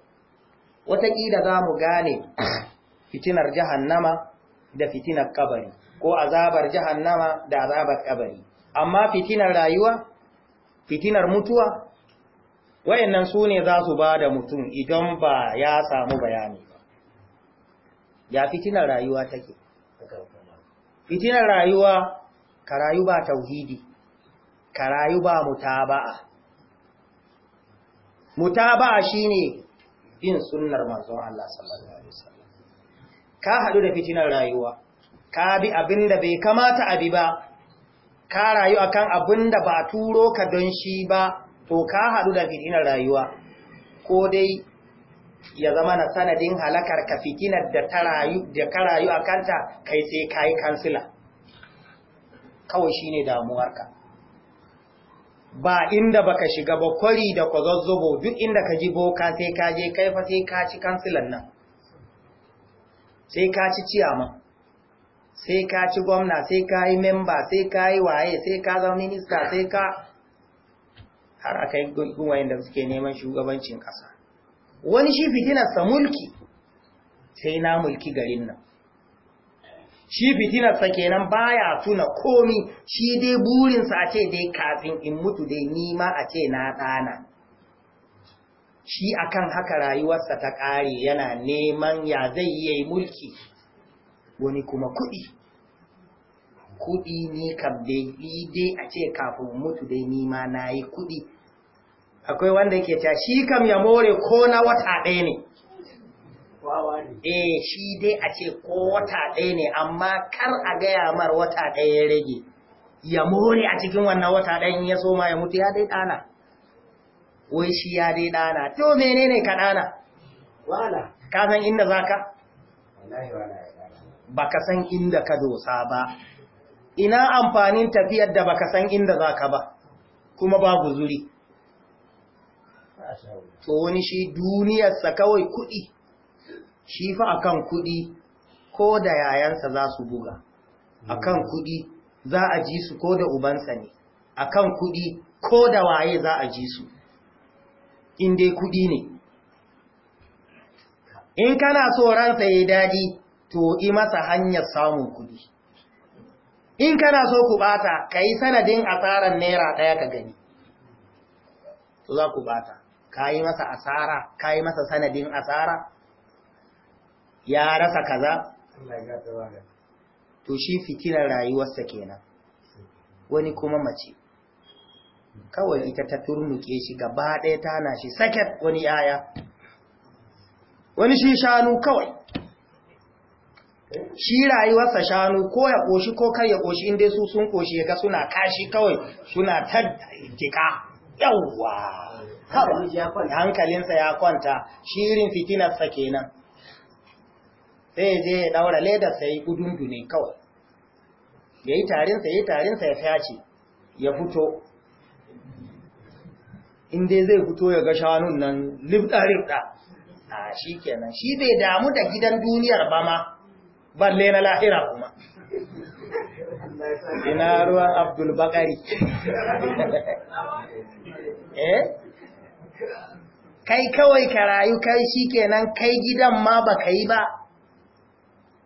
S1: wataƙila za mu gane fitinar jahannama da fitinar kabari ko azabar jahannama da azabar kabari amma fitinar rayuwa fitinar mutuwa wayannan su ne za su ba da mutum idan ba ya samu bayani ba ya fitinar rayuwa take fitinar rayuwa ka rayu ba tauhidi ka rayu ba mutaba'a mutaba'a shine bin sunnar manzon Allah sallallahu alaihi wasallam ka hadu da fitinar rayuwa ka bi abinda bai kamata abi ba ka rayu akan abinda ba turo ka don shi ba to ka haɗu da fitinar rayuwa ko dai ya zama na sanadin halakar ka fitinar da ka rayu a kanta kai sai ka yi kansila kawai shi ne damuwarka ba inda baka shiga ba kwari da kwazazzobo duk inda ka ji boka sai ka je kai fa sai ka ci kansilan nan sai ka ci ciyama, sai ka ci gwamna sai ka yi memba sai ka yi waye sai ka zama minista sai ka har aka yi gungun da suke neman shugabancin ƙasa wani shi fitinarsa mulki sai na mulki garin nan shi fitinarsa kenan baya tuna komi shi dai burinsa a ce dai kafin in mutu dai nima a ce na ɗana shi akan haka rayuwarsa ta ƙare yana neman ya zai yi mulki wani kuma kuɗi kuɗi ne kam dai dai a ce kafin mutu dai nima na yi kuɗi akwai wanda yake cewa shi kam ya more ko na wata ɗaya ne eh shi dai a ce ko wata ɗaya ne amma kar a gaya mar wata ɗaya ya rage ya more a cikin wannan wata ɗayan ya so ma ya mutu ya dai ɗana wai shi ya dai ɗana to menene ka ɗana wala ka san inda zaka wallahi wala ba ka san inda ka dosa ba ina amfanin tafiyar da baka san inda za ka ba kuma babu zuri to wani shi duniyarsa kawai kuɗi shi fa akan kuɗi ko da yayansa za su buga akan kuɗi za a ji su ko da ubansa ne akan kuɗi ko da waye za a ji su in dai kuɗi ne in kana so ransa ya dadi to yi masa hanyar samun kuɗi in kana so ku bata ka yi sanadin asarar naira ɗaya ka gani to za ku bata ka yi masa asara ka yi masa sanadin asara ya rasa kaza to shi fitilar rayuwarsa kenan wani kuma mace kawai ita ta turnuke shi gaba ɗaya tana shi saket wani yaya wani shi shanu kawai shi rayuwarsa shanu ko ya ƙoshi ko kai ya ƙoshi inda su sun ƙoshi ya ga suna kashi kawai suna ta jika yawwa hankalinsa ya kwanta shi fitinar fitinarsa kenan sai je ya daura ledarsa sai yi kawai ya yi tarinsa ya yi tarinsa ya fyace ya fito inda zai fito ya ga shanun nan libda-libda a ah, shi kenan shi bai damu da gidan duniyar ba ma balle na lahira kuma
S2: ina ruwa abdul bakari (laughs) eh
S1: kai kawai ka rayu kai shikenan kai gidan ma baka yi ba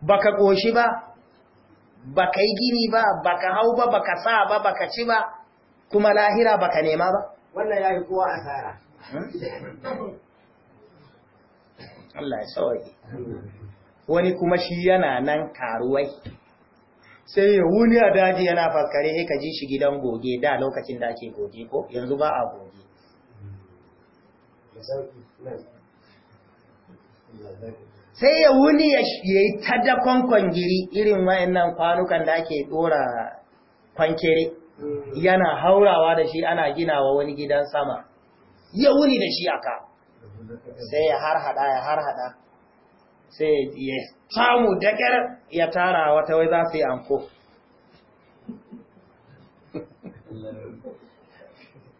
S1: baka koshi ba baka yi gini ba baka hau ba baka sa ba baka ci ba kuma lahira baka nema ba wannan yayi kowa asara hmm? Allah ya sauke wani kuma shi yana nan karuwai sai ya wuni a daji yana faskare ya ka shi gidan goge da lokacin da ake goge ko yanzu ba a goge sai ya wuni ya yi tada kwankwan-giri irin wayannan kwanukan da ake dora kwankere mm. yana haurawa da shi ana wa wani gidan sama ya wuni da shi aka sai ya har hada ya har hada sai ya samu dakar ya tara wata wai za su yi anko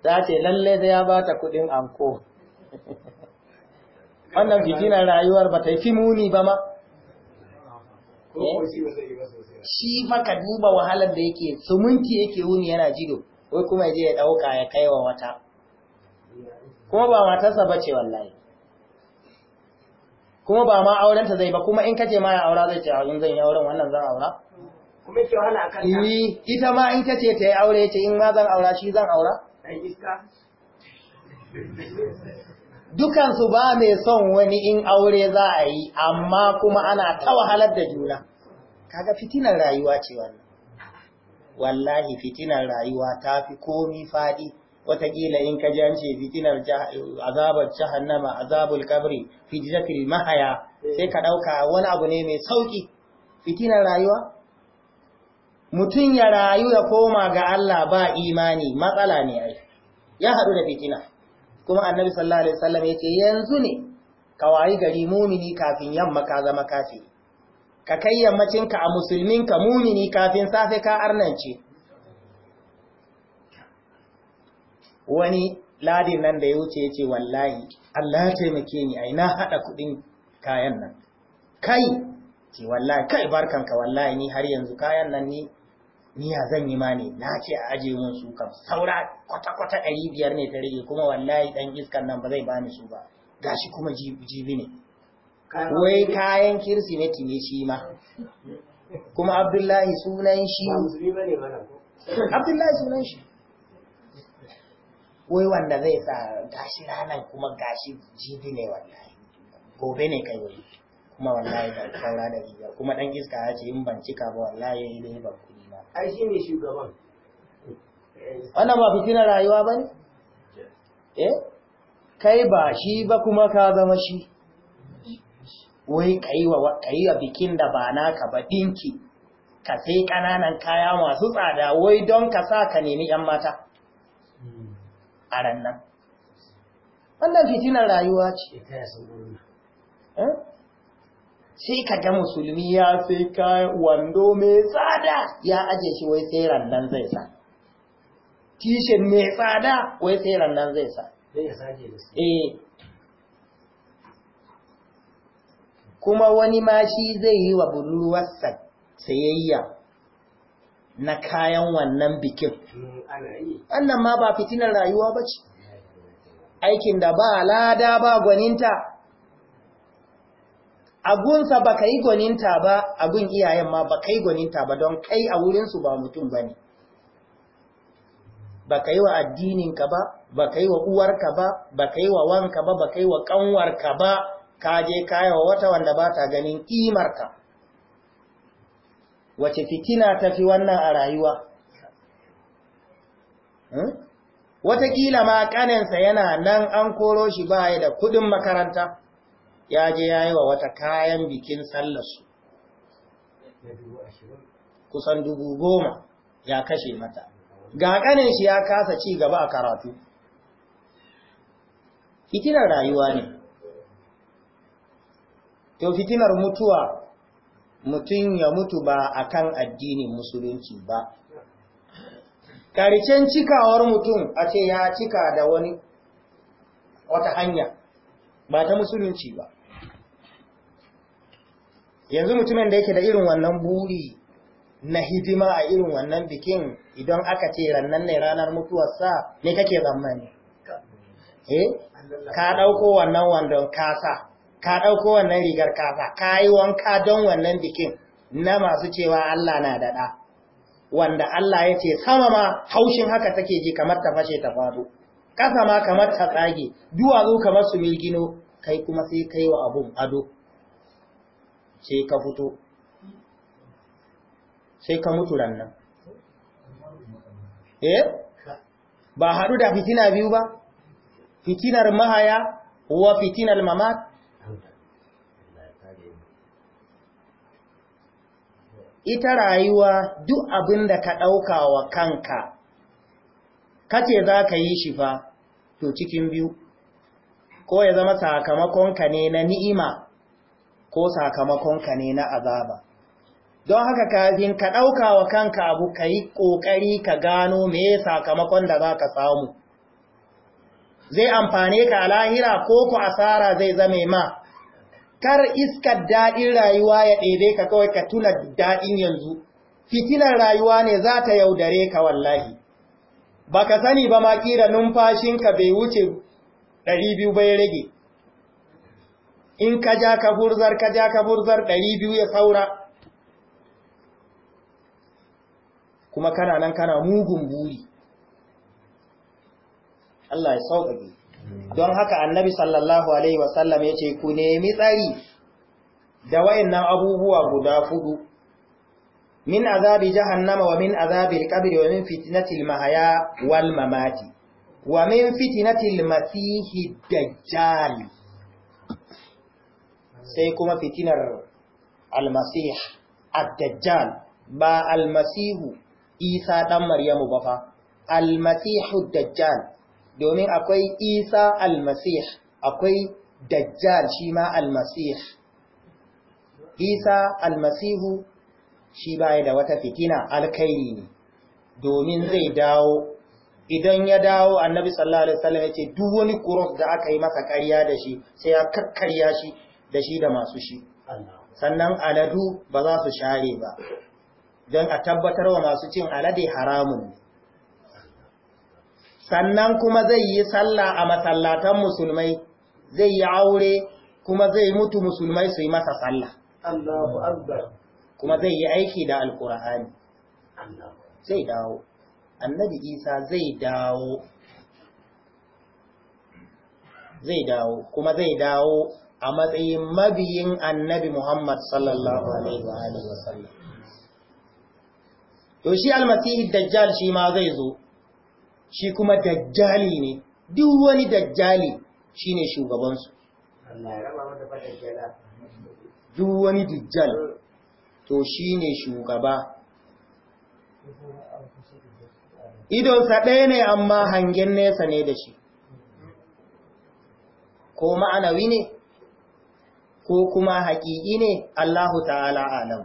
S1: ta ce lalle da ya ba ta kudin anko wannan fitinar rayuwar ba ta yi fi muni ba ma shi fa ka duba wahalar da yake sumunti yake wuni yana jido wai kuma je ya ɗauka ya kai wa wata Ko ba matarsa ba ce wallahi kuma ba ma aurenta zai ba kuma in kace ma ya aura zai ce in zan yi auren wannan zan aura kuma ke wani akan ta eh, ita ma in kace ta yi aure ce in ma zan aura shi zan aura dukan su ba mai son wani in aure za a yi amma kuma ana ta wahalar da juna kaga fitinar rayuwa ce wannan wallahi fitinar rayuwa ta fi komi fadi watakila in ka jance fitinar azabar jahannama azabul kabri fitnatil mahaya sai ka dauka wani abu ne mai sauki fitinar rayuwa mutum ya rayu ya koma ga Allah ba imani matsala ne ai ya hadu da fitina kuma annabi sallallahu alaihi wasallam yace yanzu ne ka wayi gari mumini kafin yamma ka zama kafi. ka kai yammacinka a musulminka mumini kafin safe ka arnance wani ladin nan da ya wuce ya ce wallahi Allah ya taimake ni ai na haɗa kuɗin kayan nan kai ce wallahi kai barkanka wallahi ni har yanzu kayan nan ni ni ya zan yi ma ne na ce a aje mun su kam saura kwata-kwata ɗari biyar ne ta rage kuma wallahi ɗan iskan nan ba zai bani su ba gashi kuma jibi ne wai kayan kirsimeti ne shi ma kuma abdullahi sunan shi abdullahi sunan shi wai wanda zai sa gashi ranar kuma gashi jibi ne wallahi gobe ne kai wai kuma wallahi da kaura da riga kuma dan iska ya ce in ban cika ba wallahi ya yi ban kuɗi ba ai shi ne shugaban wannan ba fitina rayuwa ba ne eh kai ba shi ba kuma ka zama shi wai kai wa kai a bikin da ba naka ba dinki ka sai kananan kaya masu tsada wai don ka sa ka nemi yan mata a rannan wannan fitinar rayuwa ce eh? sai ka ga musulmi ya sai ka wando mai tsada ya ajiye shi wai sai rannan zai sa tishin mai tsada wai sai rannan zai sa eh kuma wani ma shi zai yi wa budurwarsa sayayya na kayan wannan bikin hmm, wannan ma ba fitinar rayuwa ba ce aikin da ba lada ba gwaninta agunsa ba ka yi gwaninta ba agun iyayen ma ba ka yi gwaninta ba don kai a wurinsu ba mutum ba ne ba ka yi wa addininka ba ba ka yi wa uwarka ba ba ka yi wa wanka ba ba ka yi wa kanwarka ba ka je kayawa wata wanda ba ta ganin ƙimarka wace fitina tafi wannan a rayuwa hmm? watakila ma kaninsa yana nan an koro shi ba ya da kudin makaranta ya je ya yi wa wata kayan bikin sallarsu kusan dubu goma ya kashe mata ga kanin shi ya kasa ci gaba a karatu fitinar rayuwa ne to fitinar mutuwa mutum ya mutu ba a kan addinin musulunci ba Karicen cikawar mutum a ce ya cika da wani wata hanya ba ta musulunci ba yanzu mutumin da yake da irin wannan buri na hidima a irin wannan bikin idan aka ce rannan ne ranar mutuwarsa ne kake tsammani eh ka ɗauko wannan wandon kasa ka ɗauko wannan rigar kafa ka yi wanka don wannan bikin na masu cewa Allah na daɗa wanda Allah ya ce sama ma haushin haka take ji kamar ta fashe ta faɗo ƙasa ma kamar ta tsage duwatsu kamar su milgino kai kuma sai kai wa abun ado sai ka fito sai ka mutu rannan eh ba haɗu da fitina biyu ba fitinar mahaya wa fitinar mamat ita rayuwa duk abin da ka ɗauka wa kanka, kace za ka yi shi fa, to cikin biyu, ko ya zama sakamakonka ne na ni'ima, ko sakamakonka ne na azaba. Don haka kafin ka ɗauka wa kanka abu ka yi ƙoƙari ka gano me sakamakon da za ka samu. Zai amfane ka a lahira ko ku asara zai zame ma. kar iskar daɗin rayuwa ya ɗebe ka kawai ka tuna daɗin yanzu fitilar rayuwa ne za ta yaudare ka wallahi ba ka sani ba ma ƙira numfashinka bai wuce ɗari biyu bai rage in ka ja ka burzar ka ja ka burzar biyu ya saura kuma kana nan kana mugun buri Allah ya sauƙaƙe don haka annabi sallallahu alaihi wasallam ya ce ku nemi tsari da wayannan abubuwa guda fudu min azabi jahannama wa min azabi alqabri wa min fitnatil mahaya wal mamati wa min fitnatil masihi dajjal sai kuma fitinar almasih ad-dajjal ba almasihu isa dan maryamu ba fa almasihu dajjal domin akwai Isa almasih akwai dajjal shi ma almasih Isa almasihu shi baya da wata fitina alkairi ne domin zai dawo idan ya dawo annabi sallallahu alaihi wasallam yace duk wani kurof da aka yi masa ƙarya da shi sai ya karkarya shi da shi da masu shi sannan aladu ba za su share ba don a tabbatar wa masu cin alade haramun sannan kuma zai yi sallah a masallatan musulmai zai yi aure kuma zai mutu musulmai su yi masa sallah kuma zai yi aiki da alkur'ani zai dawo annabi isa zai dawo zai dawo kuma zai dawo a matsayin mabiyin annabi muhammad sallallahu alaihi wa sallam to shi almasihi dajjal shi ma zai zo shi kuma dajjali ne duk wani dajjali shi ne shugabansu duk wani dajjal to shi ne shugaba idonsa ɗaya ne amma hangen nesa ne da shi ko ma'anawi ne ko kuma haƙiƙi ne Allahu ta'ala alam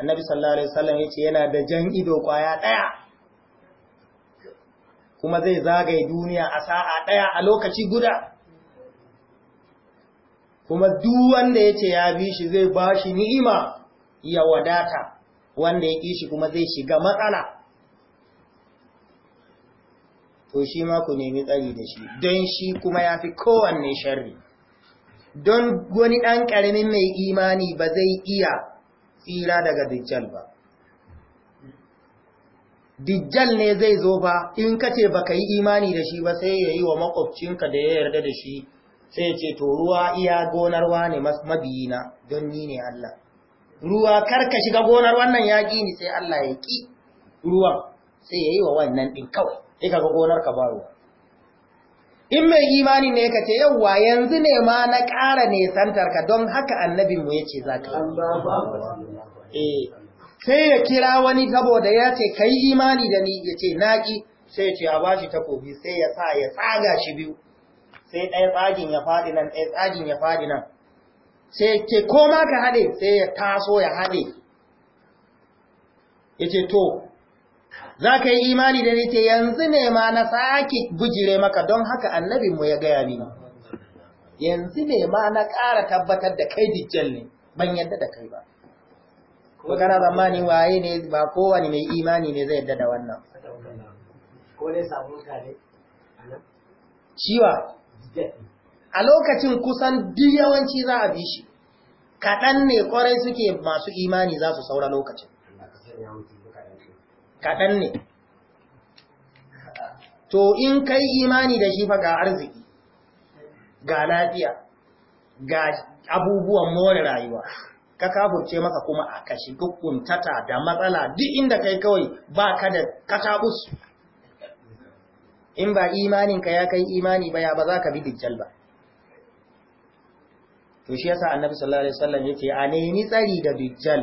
S1: annabi sallallahu alaihi wasallam yace yana da jan ido kwaya ɗaya kuma zai zagaye duniya a sa'a ɗaya a lokaci guda kuma duk wanda ya ce ya bi shi zai ba shi ni'ima ya wadata wanda ya ƙi kuma zai shiga matsala to shi ma ku nemi tsari da shi don shi kuma ya fi kowanne sharri don wani ɗan ƙaramin mai imani ba zai iya tsira daga dijjal ba dijjal ne zai zo ba in ka ce baka yi imani da shi ba sai ya yi wa makwabcinka da ya yarda da shi sai ce to ruwa iya gonarwa ne mabiyina don ni ne Allah ruwa karka shiga gonar wannan ya ne sai Allah ya ƙi ruwan sai ya yi wa wannan ɗin kawai sai ka ga gonar ka ba ruwa in mai imani ne ka ce wa yanzu ne ma na ƙara nesantarka don haka annabinmu ya ce za ka yi sai ya kira wani saboda ya ce ka yi imani da ni ya ce naƙi sai ce a bashi takobi sai ya sa ya tsaga shi biyu sai ɗaya tsagin ya faɗi nan ɗaya tsagin ya faɗi nan sai ya ce ko ma ka haɗe sai ya taso ya haɗe ya ce to za ka yi imani da ni ce yanzu ne ma na sake bujire maka don haka annabinmu ya gaya ni? yanzu ne ma na ƙara tabbatar da kai dijjal ne ban yadda da kai ba ko kana zamani waye ne ba kowane mai imani ne zai yadda da wannan ciwa a lokacin kusan duk yawanci za a bi shi kaɗan ne kwarai suke masu imani za su saura lokacin kaɗan ne to in kai imani da shi fa ga arziki ga lafiya ga abubuwan more rayuwa ka kafurce maka kuma a kashi kuntata da matsala duk inda kai kawai ba ka da katabus in ba imaninka ya kai imani ba ya ba za ka bi dijjal ba to shi yasa annabi sallallahu alaihi wasallam yace a nemi tsari da dijjal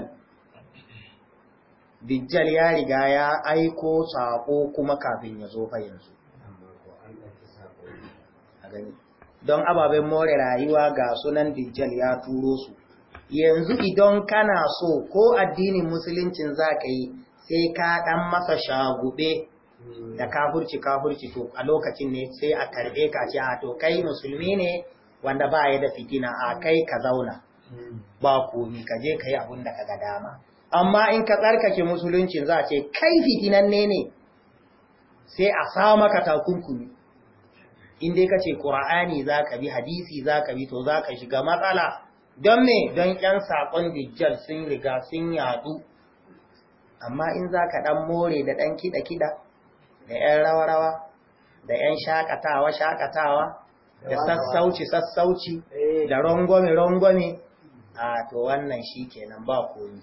S1: dijjal ya riga ya aiko sako kuma kafin ya zo fa yanzu don ababen more rayuwa ga sunan dijjal ya turo su yanzu idan kana so ko addinin musuluncin za ka yi sai ka ɗan masa shagube da kafurci kafurci to a lokacin ne sai a karɓe ka ce a to kai musulmi ne wanda ba ya da fitina a kai ka zauna hmm. ba komi ka je ka yi abin da ka ga dama amma in ka tsarkake musuluncin za ce kai fitinan ne ne sai a sa maka takunkumi in dai ka ce ƙura'ani za ka bi hadisi za ka bi to za ka shiga matsala don me don ‘yan saƙon dijjal sun riga sun yadu amma in za ka ɗan more da ɗan kiɗa-kiɗa da ƴan rawa rawa-rawa da ƴan shakatawa shakatawa-shakatawa da sassauci-sassauci eh. da rangwame-rangwame a to wannan shi kenan ba komi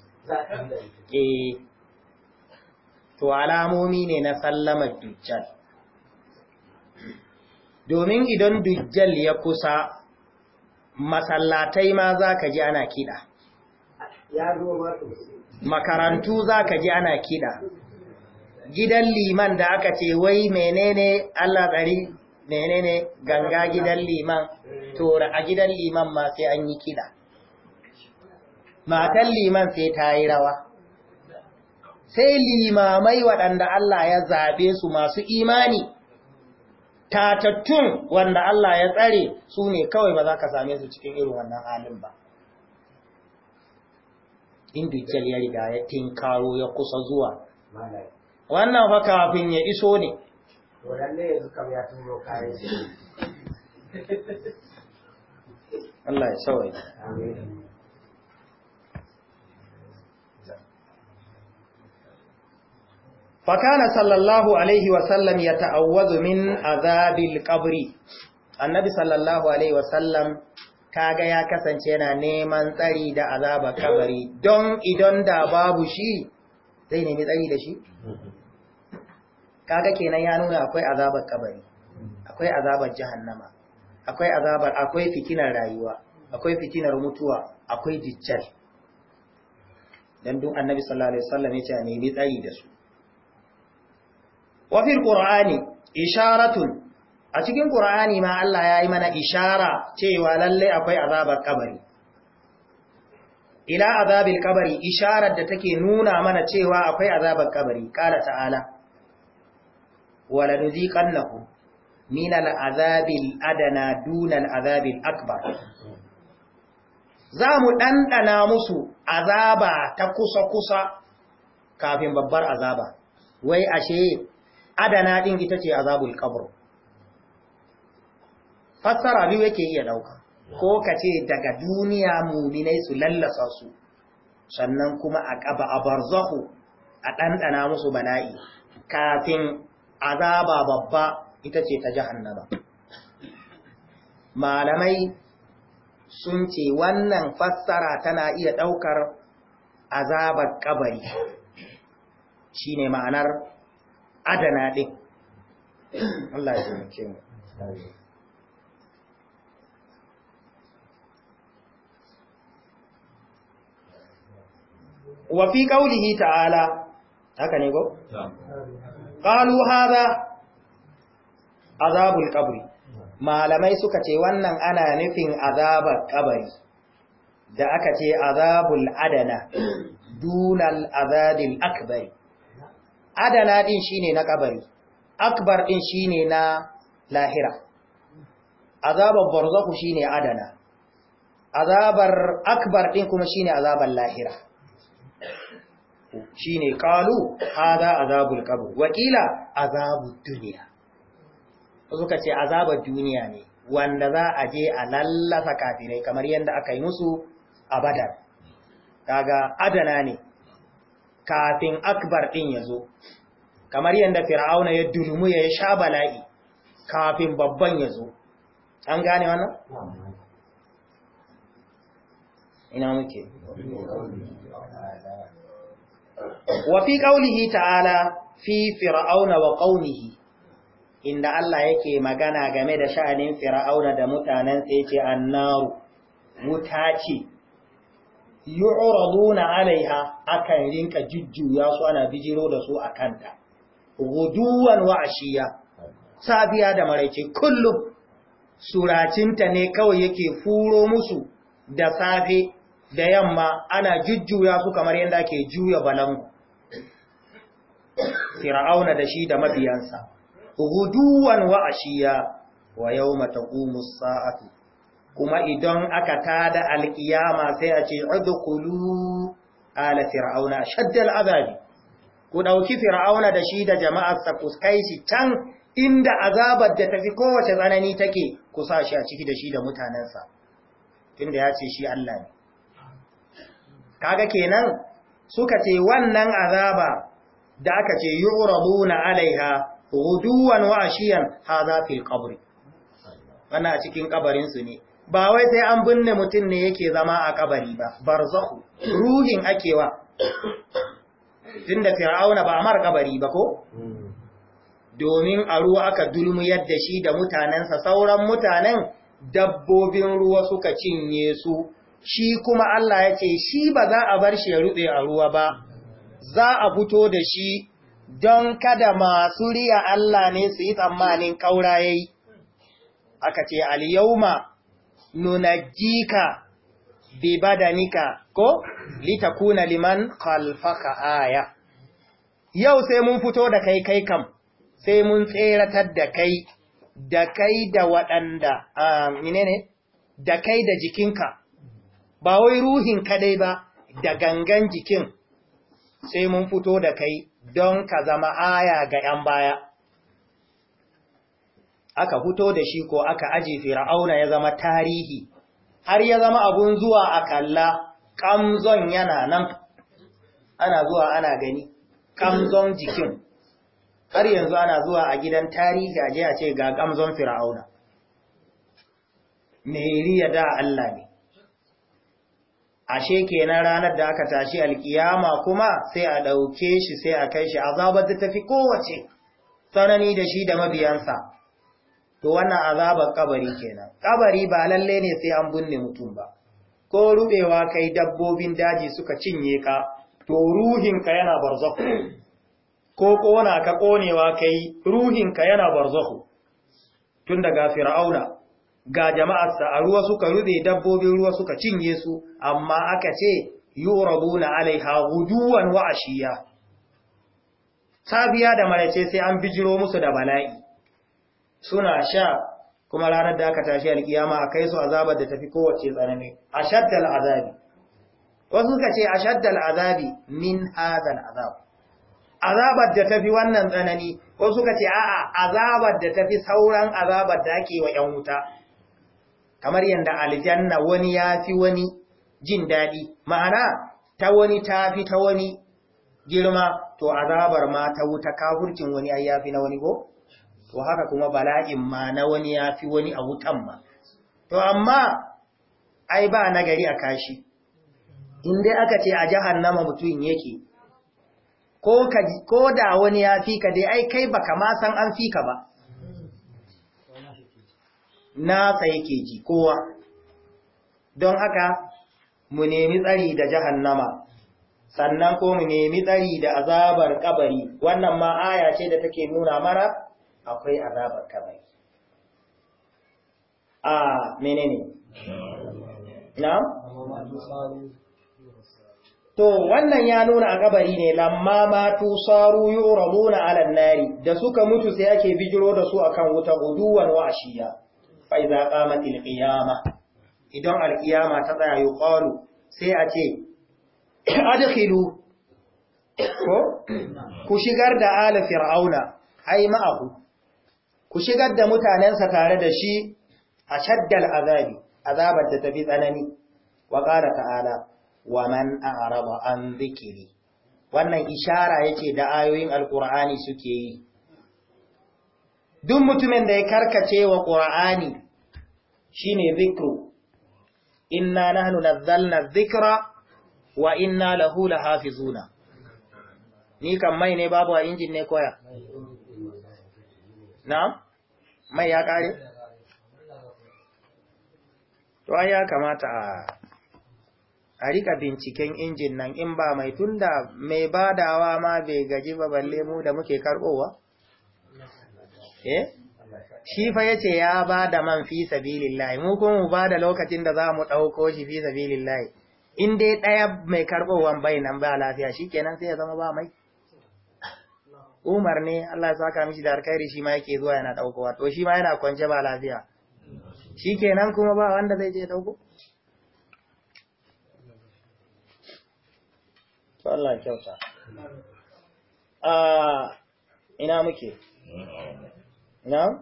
S1: eh. to alamomi ne na sallamar dujjal domin idan dujjal ya kusa masallatai ma za ka ji ana kiɗa makarantu za ka ji ana kiɗa gidan liman da aka ce wai menene Allah tsari menene ganga gidan liman tora a gidan liman ma sai an yi kiɗa matan liman sai ta yi rawa sai limamai waɗanda Allah ya zaɓe su masu imani tatattun wanda Allah ya tsare su ne kawai ba za ka same su cikin irin wannan halin ba Indu dujjal ya riga ya tinkaro ya kusa zuwa wannan fa kafin ya iso ne
S2: ya ya
S1: Allah ya sawai. Amin. fakana sallallahu alaihi wasallam ya ta'awwazu min azabil qabri annabi sallallahu alaihi wasallam kaga ya kasance yana neman tsari da azaba kabari don idan da babu shi zai nemi tsari da shi kaga kenan ya nuna akwai azabar kabari akwai azabar jahannama akwai azabar akwai fitinar rayuwa akwai fitinar mutuwa akwai diccar dan don annabi sallallahu alaihi wasallam ya ce nemi tsari da su wa fil isharatun a cikin ƙur'ani ma Allah ya yi mana ishara cewa lalle akwai azabar kabari ila azabil kabari isharar da take nuna mana cewa akwai azabar kabari kala ta'ala wala ku min al'azabil adana dunan al'azabil akbar za mu ɗanɗana musu azaba ta kusa-kusa kafin babbar azaba wai ashe adana din ita ce azabul qabr fassara biyu yake iya dauka ko kace daga duniya muminai su lallasa su sannan kuma a ƙaba a barzahu a ɗanɗana musu bala'i kafin azaba babba ita ce ta jahannama malamai sun ce wannan fassara tana iya ɗaukar azabar ƙabari shine ma'anar adana ɗin Allah ya taimake mu wa fi qaulihi ta'ala haka ne ba. qalu hadha azabul qabri malamai suka ce wannan ana nufin azabar kabari da aka ce azabul adana dunal azadin akbari Adana din shine na kabari akbar din shine na lahira azabar barzakhu shine adana azabar akbar din kuma shine azabar lahira shine qalu hada azabul qabr kila azabud dunya suka ce azabar duniya ne wanda za a je a lallasa kafirai kamar yadda aka yi musu a badar kaga adana ne kafin akbar ɗin ya zo kamar yadda fir'auna ya dulumu ya sha bala'i kafin babban ya zo an gane wannan? ina muke wafi ƙaunihi ta'ala fi fir'auna wa ƙaunihi inda Allah yake magana game da sha'anin fir'auna da mutanen sai ce annaru wuta ce yu'raduna alaiha akan rinka jujjuya su ana bijiro da su a kanta guduwan wa ashiya safiya da maraice kullum suracinta ne kawai yake furo musu da safe da yamma ana jujjuya su kamar yadda ake juya balangu fir'auna da shi da mabiyansa guduwan wa ashiya wa yawma taqumu as-sa'atu kuma idan aka tada alkiyama sai a ce udkhulu ala fir'auna shaddal azabi ku dauki fir'auna da shi da jama'ar sa kuskai shi can inda azabar da tafi kowace tsanani take ku sa shi a ciki da shi da mutanensa tunda ya ce shi Allah ne kaga kenan suka ce wannan azaba da aka ce yu'raduna alaiha guduwan wa ashiyan hadha fil qabri wannan a cikin kabarin su ne ba wai sai an binne mutum ne yake zama a kabari ba barzahu ruhin akewa tunda fir'auna ba mara kabari ba ko domin a ruwa aka dulmu yadda shi da mutanensa sauran mutanen dabbobin ruwa suka cinye su shi kuma Allah ya ce shi ba za a bar shi ya rube a ruwa ba za a fito da shi don kada masu riya Allah ne su yi tsammanin ƙaura yayi aka ce al-yawma nunajjika bi badanika ko litakuna liman khalfaka aya yau sai mun fito da kai kai kam sai mun tseratar da kai da kai da waɗanda menene da kai da jikinka ba wai ruhin kadai ba da gangan jikin sai mun fito da kai don ka zama aya ga 'yan baya aka fito da shi ko aka aje fir'auna ya zama tarihi har ya zama abun zuwa a kalla kamzon yana nan ana zuwa ana gani kamzon jikin har yanzu ana zuwa a gidan tarihi aje a ce ga kamzon fir'auna mehiriya da Allah ne ashe kenan ranar da aka tashi alkiyama kuma sai a ɗauke shi sai a kai shi azabar da tafi kowace sanani da shi da mabiyansa to wannan azabar kabari kenan kabari ba lalle ne sai an binne mutum ba ko rubewa kai dabbobin daji suka cinye ka to ruhinka yana barzakhu ko kona ka konewa kai ruhinka yana barzakhu tun daga fir'auna ga jama'arsa a ruwa suka rube dabbobin ruwa suka cinye su amma aka ce yuraduna alaiha guduwan wa ashiya safiya da marace sai an bijiro musu da bala'i suna sha kuma ranar da aka tashi alkiyama a kai su azabar da tafi kowace tsanani ashaddal azabi wasu suka ce ashaddal azabi min hadal azab azabar da tafi wannan tsanani wasu suka ce a'a azabar da tafi sauran azabar da ake wa yan wuta kamar yadda aljanna wani ya fi wani jin daɗi ma'ana ta wani ta fi ta wani girma to azabar ma ta wuta kafurkin wani ai yafi na wani ko to haka kuma bala'in ma na wani ya fi wani a wutan ma to amma ai ba nagari a kashi inda aka ce a jahannama mutum yake ko da wani ya fi ka dai ai kai ba ma san an fi ka ba na tsaye ke ji kowa don haka mu nemi tsari da jahannama sannan ko mu nemi tsari da azabar kabari wannan ma aya ce da take nuna mara akwai azabar kabari a menene na? to wannan ya nuna a kabari ne lamma matu saru yu'raduna 'alan nari da suka mutu sai ake bijiro da su akan wuta guduwar wa ashiya fa idza qamatil idan alqiyama ta tsaya ƙwalo, sai a ce adkhilu ko ku shigar da ala fir'auna ai ma'ahu ku shigar da mutanensa tare da shi a shaddal azabi azabar da tafi tsanani wa ƙara ta'ala wa man a'raba an zikiri wannan ishara yake da ayoyin Alƙur'ani suke yi duk mutumin da ya karkace wa qur'ani shine zikru inna nahnu nazzalna zikira, wa inna lahu lahafizuna ni kan mai ne babu a injin ne koya na'am mai ya kare to ai ya kamata a a rika binciken injin nan in ba mai tunda mai badawa ma bai gaji ba balle mu da muke karbowa eh shi fa yace ya da man fi layi, mu kuma mu bada lokacin da za mu ɗauko shi fi layi, in dai ɗaya mai karbowan bai nan ba lafiya shi kenan sai ya zama ba mai Umar ne Allah ya saka mishi da alkhairi shi ma yake zuwa yana daukowa to shi ma yana kwance ba lafiya shikenan kuma ba wanda zai je dauko to Allah ya kyauta a ina muke na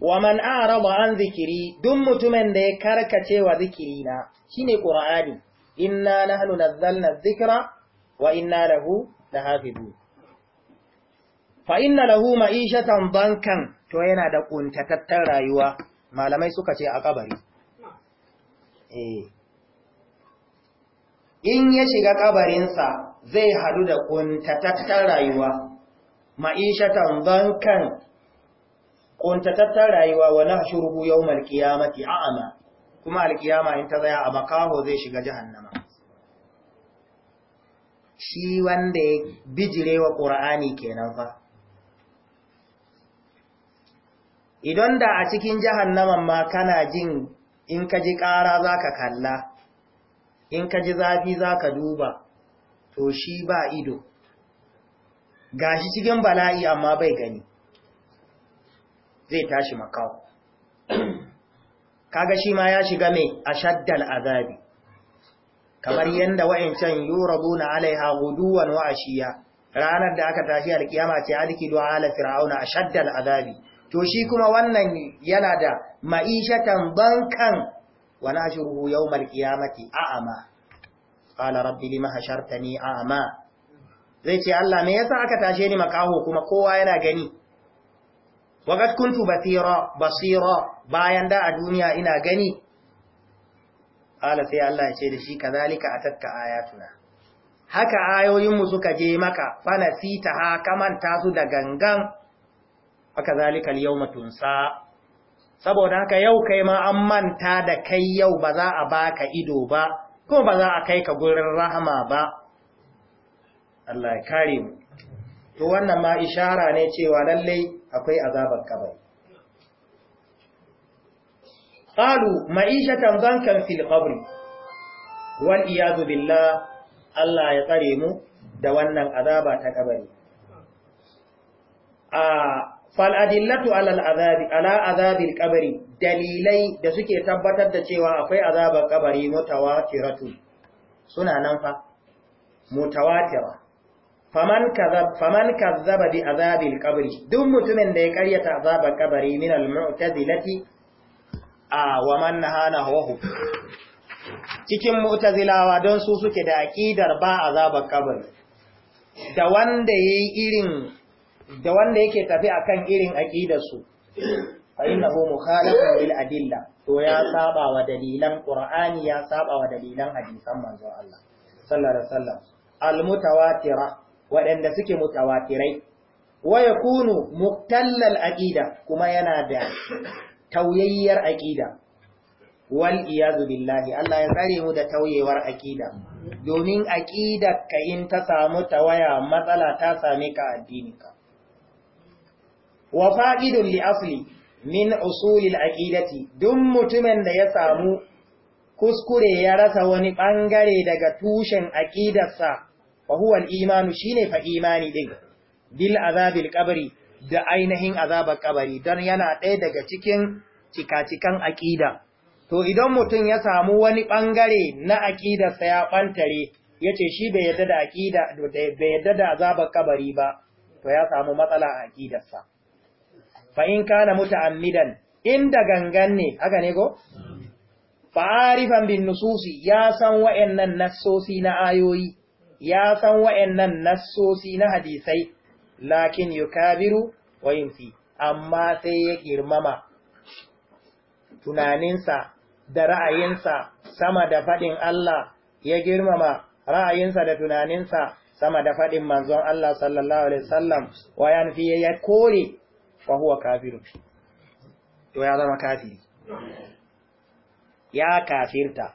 S1: wa man a'rada an zikiri duk mutumin da ya karkace wa zikiri na shine qur'ani inna nahnu nazzalna dhikra wa inna lahu lahafidun fa inna lahu ma'ishatan bankan to yana da ƙuntatattar rayuwa malamai suka ce a kabari eh in ya shiga ƙabarinsa, zai hadu da ƙuntatattar rayuwa ma'ishatan bankan ƙuntatattar rayuwa wa na nahshuruhu yawmal qiyamati a'ama kuma alkiyama in ta tsaya a makaho zai shiga jahannama shi wanda ya bijirewa wa ƙura'ani kenan fa idan da a cikin jahannaman ma kana jin in ka ji ƙara za ka kalla in ka ji zafi za ka duba to shi ba ido Ga shi cikin bala'i amma bai gani zai tashi makau. (clears throat) kaga shi ma ya shiga mai ashaddal azabi kamar yanda wayancan na alaiha guduwan wa’ashiya wa'ashiya, ranar da aka tashi alkiyama ce alkidu ala fir'auna ashaddal azabi to shi kuma wannan yana da ma'ishatan bankan wa yau yawmal a a'ama ƙala rabbi lima a a'ama zai ce Allah me yasa aka tashe ni makaho kuma kowa yana gani waƙat kuntu basira basira bayan da a duniya ina gani ƙala sai Allah ya ce da shi kazalika a atatka ayatuna haka ayoyinmu suka je maka fa nasitaha kamanta su da gangan haka zalikal yawma tunsa saboda haka yau kai ma an manta da kai yau ba za a baka ido ba ko ba za a kai ka gurin rahama ba Allah ya kare mu to wannan ma ishara ne cewa lalle akwai azabar kabari qalu ma'ishatan zankan fil qabri wal iyadu billah Allah ya tsare mu da wannan azaba ta kabari a ah, fal'adillatu ala azabin kabari dalilai da suke tabbatar da cewa akwai azabar kabari mutawatiratu suna nan fa mutawatira faman kazzaba bi azabin kabari duk mutumin da ya karyata azabar kabari min al-mu'tazilati a wa man hana wahu cikin mu'tazilawa don su suke da aƙidar ba azabar kabari da wanda yayi irin da wanda yake tafi a kan irin aqidarsu fa innahu mukhalafun lil adilla to ya saba wa dalilan ƙura'ani ya saba wa dalilan hadisan manzo Allah sallallahu alaihi sallar. al mutawatira waɗanda suke mutawatirai wa muktallal aƙida kuma yana da tauyayyar aƙida. wal iyazu billahi Allah ya tsare mu da tauyewar aƙida, domin aƙidar ka in ta samu waya matsala ta same ka addininka wa fa'idun li asli min usulil aqidati duk mutumin da ya samu kuskure ya rasa wani bangare daga tushen aqidarsa wa huwa al-imanu shine fa imani din bil azabil qabri da ainihin azabar ƙabari don yana ɗaya daga cikin cikacikan aƙida. To idan mutum ya samu wani ɓangare na aƙidarsa ya ɓantare, ya ce shi bai yadda da azabar kabari ba, to ya samu matsala a aƙidarsa. fa in kana muta'ammidan inda gangan ne haka ne ko fa'arifan bin nususi ya san wa'annan nassosi na ayoyi ya san wa'annan nasosi na hadisai lakin yukabiru wa yunsi amma sai ya girmama tunaninsa da ra'ayinsa sama da faɗin Allah ya girmama ra'ayinsa da tunaninsa sama da faɗin manzon Allah sallallahu Alaihi wasallam wayan fiye ya kore fahuwa to ya zama kafiri ya kafirta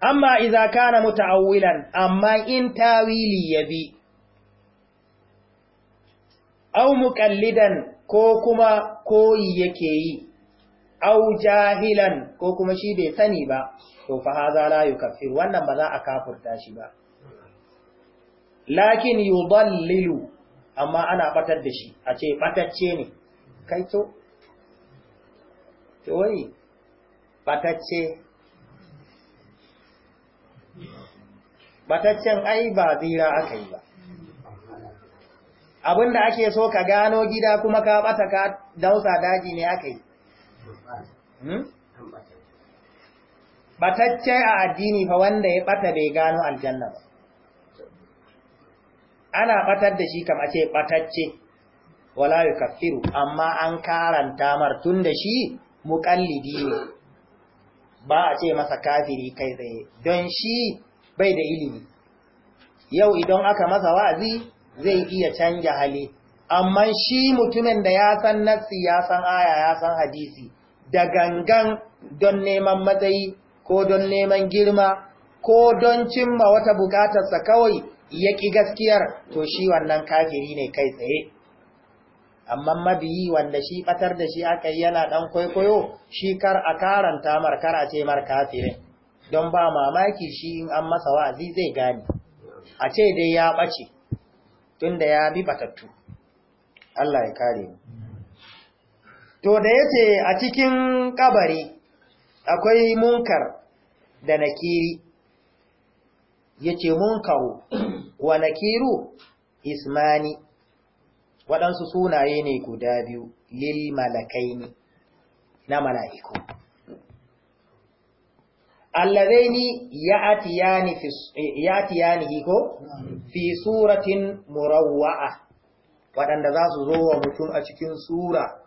S1: amma idza kana muta'awilan amma in tawili yabi aw muqallidan ko kuma koyi yake yi au jahilan ko kuma shi bai sani ba to fa hadha la yukaffir wannan ba za a kafirta shi ba lakin yudallilu amma ana batar da shi a ce batacce ne kai to to wai batacce bataccen ai ba zira aka yi ba abinda ake so ka gano gida kuma ka bata ka dausa daji ne aka yi hmm? batacce a addini fa wanda ya bata bai gano aljanna ba ana batar da shi kam ce batacce wala kafiru. amma an karanta mar tun da shi muqallidi ne ba a ce masa kafiri kai tsaye don shi bai da ilimi yau idan aka masa wa'azi zai iya canja hali amma shi mutumin da ya san nassi ya san aya ya san hadisi da gangan don neman matsayi ko don neman girma ko don cimma wata bukatarsa kawai ya ƙi gaskiyar to shi wannan kafiri ne kai tsaye amma mabiyi wanda shi batar da shi aka yi yana ɗan kwaikwayo shi kar a karanta markar a ce mar kafirin don ba mamaki shi in an masa wa'azi zai gane a ce dai ya ɓace tunda ya bi batattu Allah ya kare mu to da yace a cikin kabari akwai munkar da nakiri yace munkaru wa nakiru ismani waɗansu sunaye ne guda biyu lil malakaini na mala'iku allazaini ya'tiyani fi ya'tiyani hiko fi suratin murawwa'a waɗanda za su zo wa mutum a cikin sura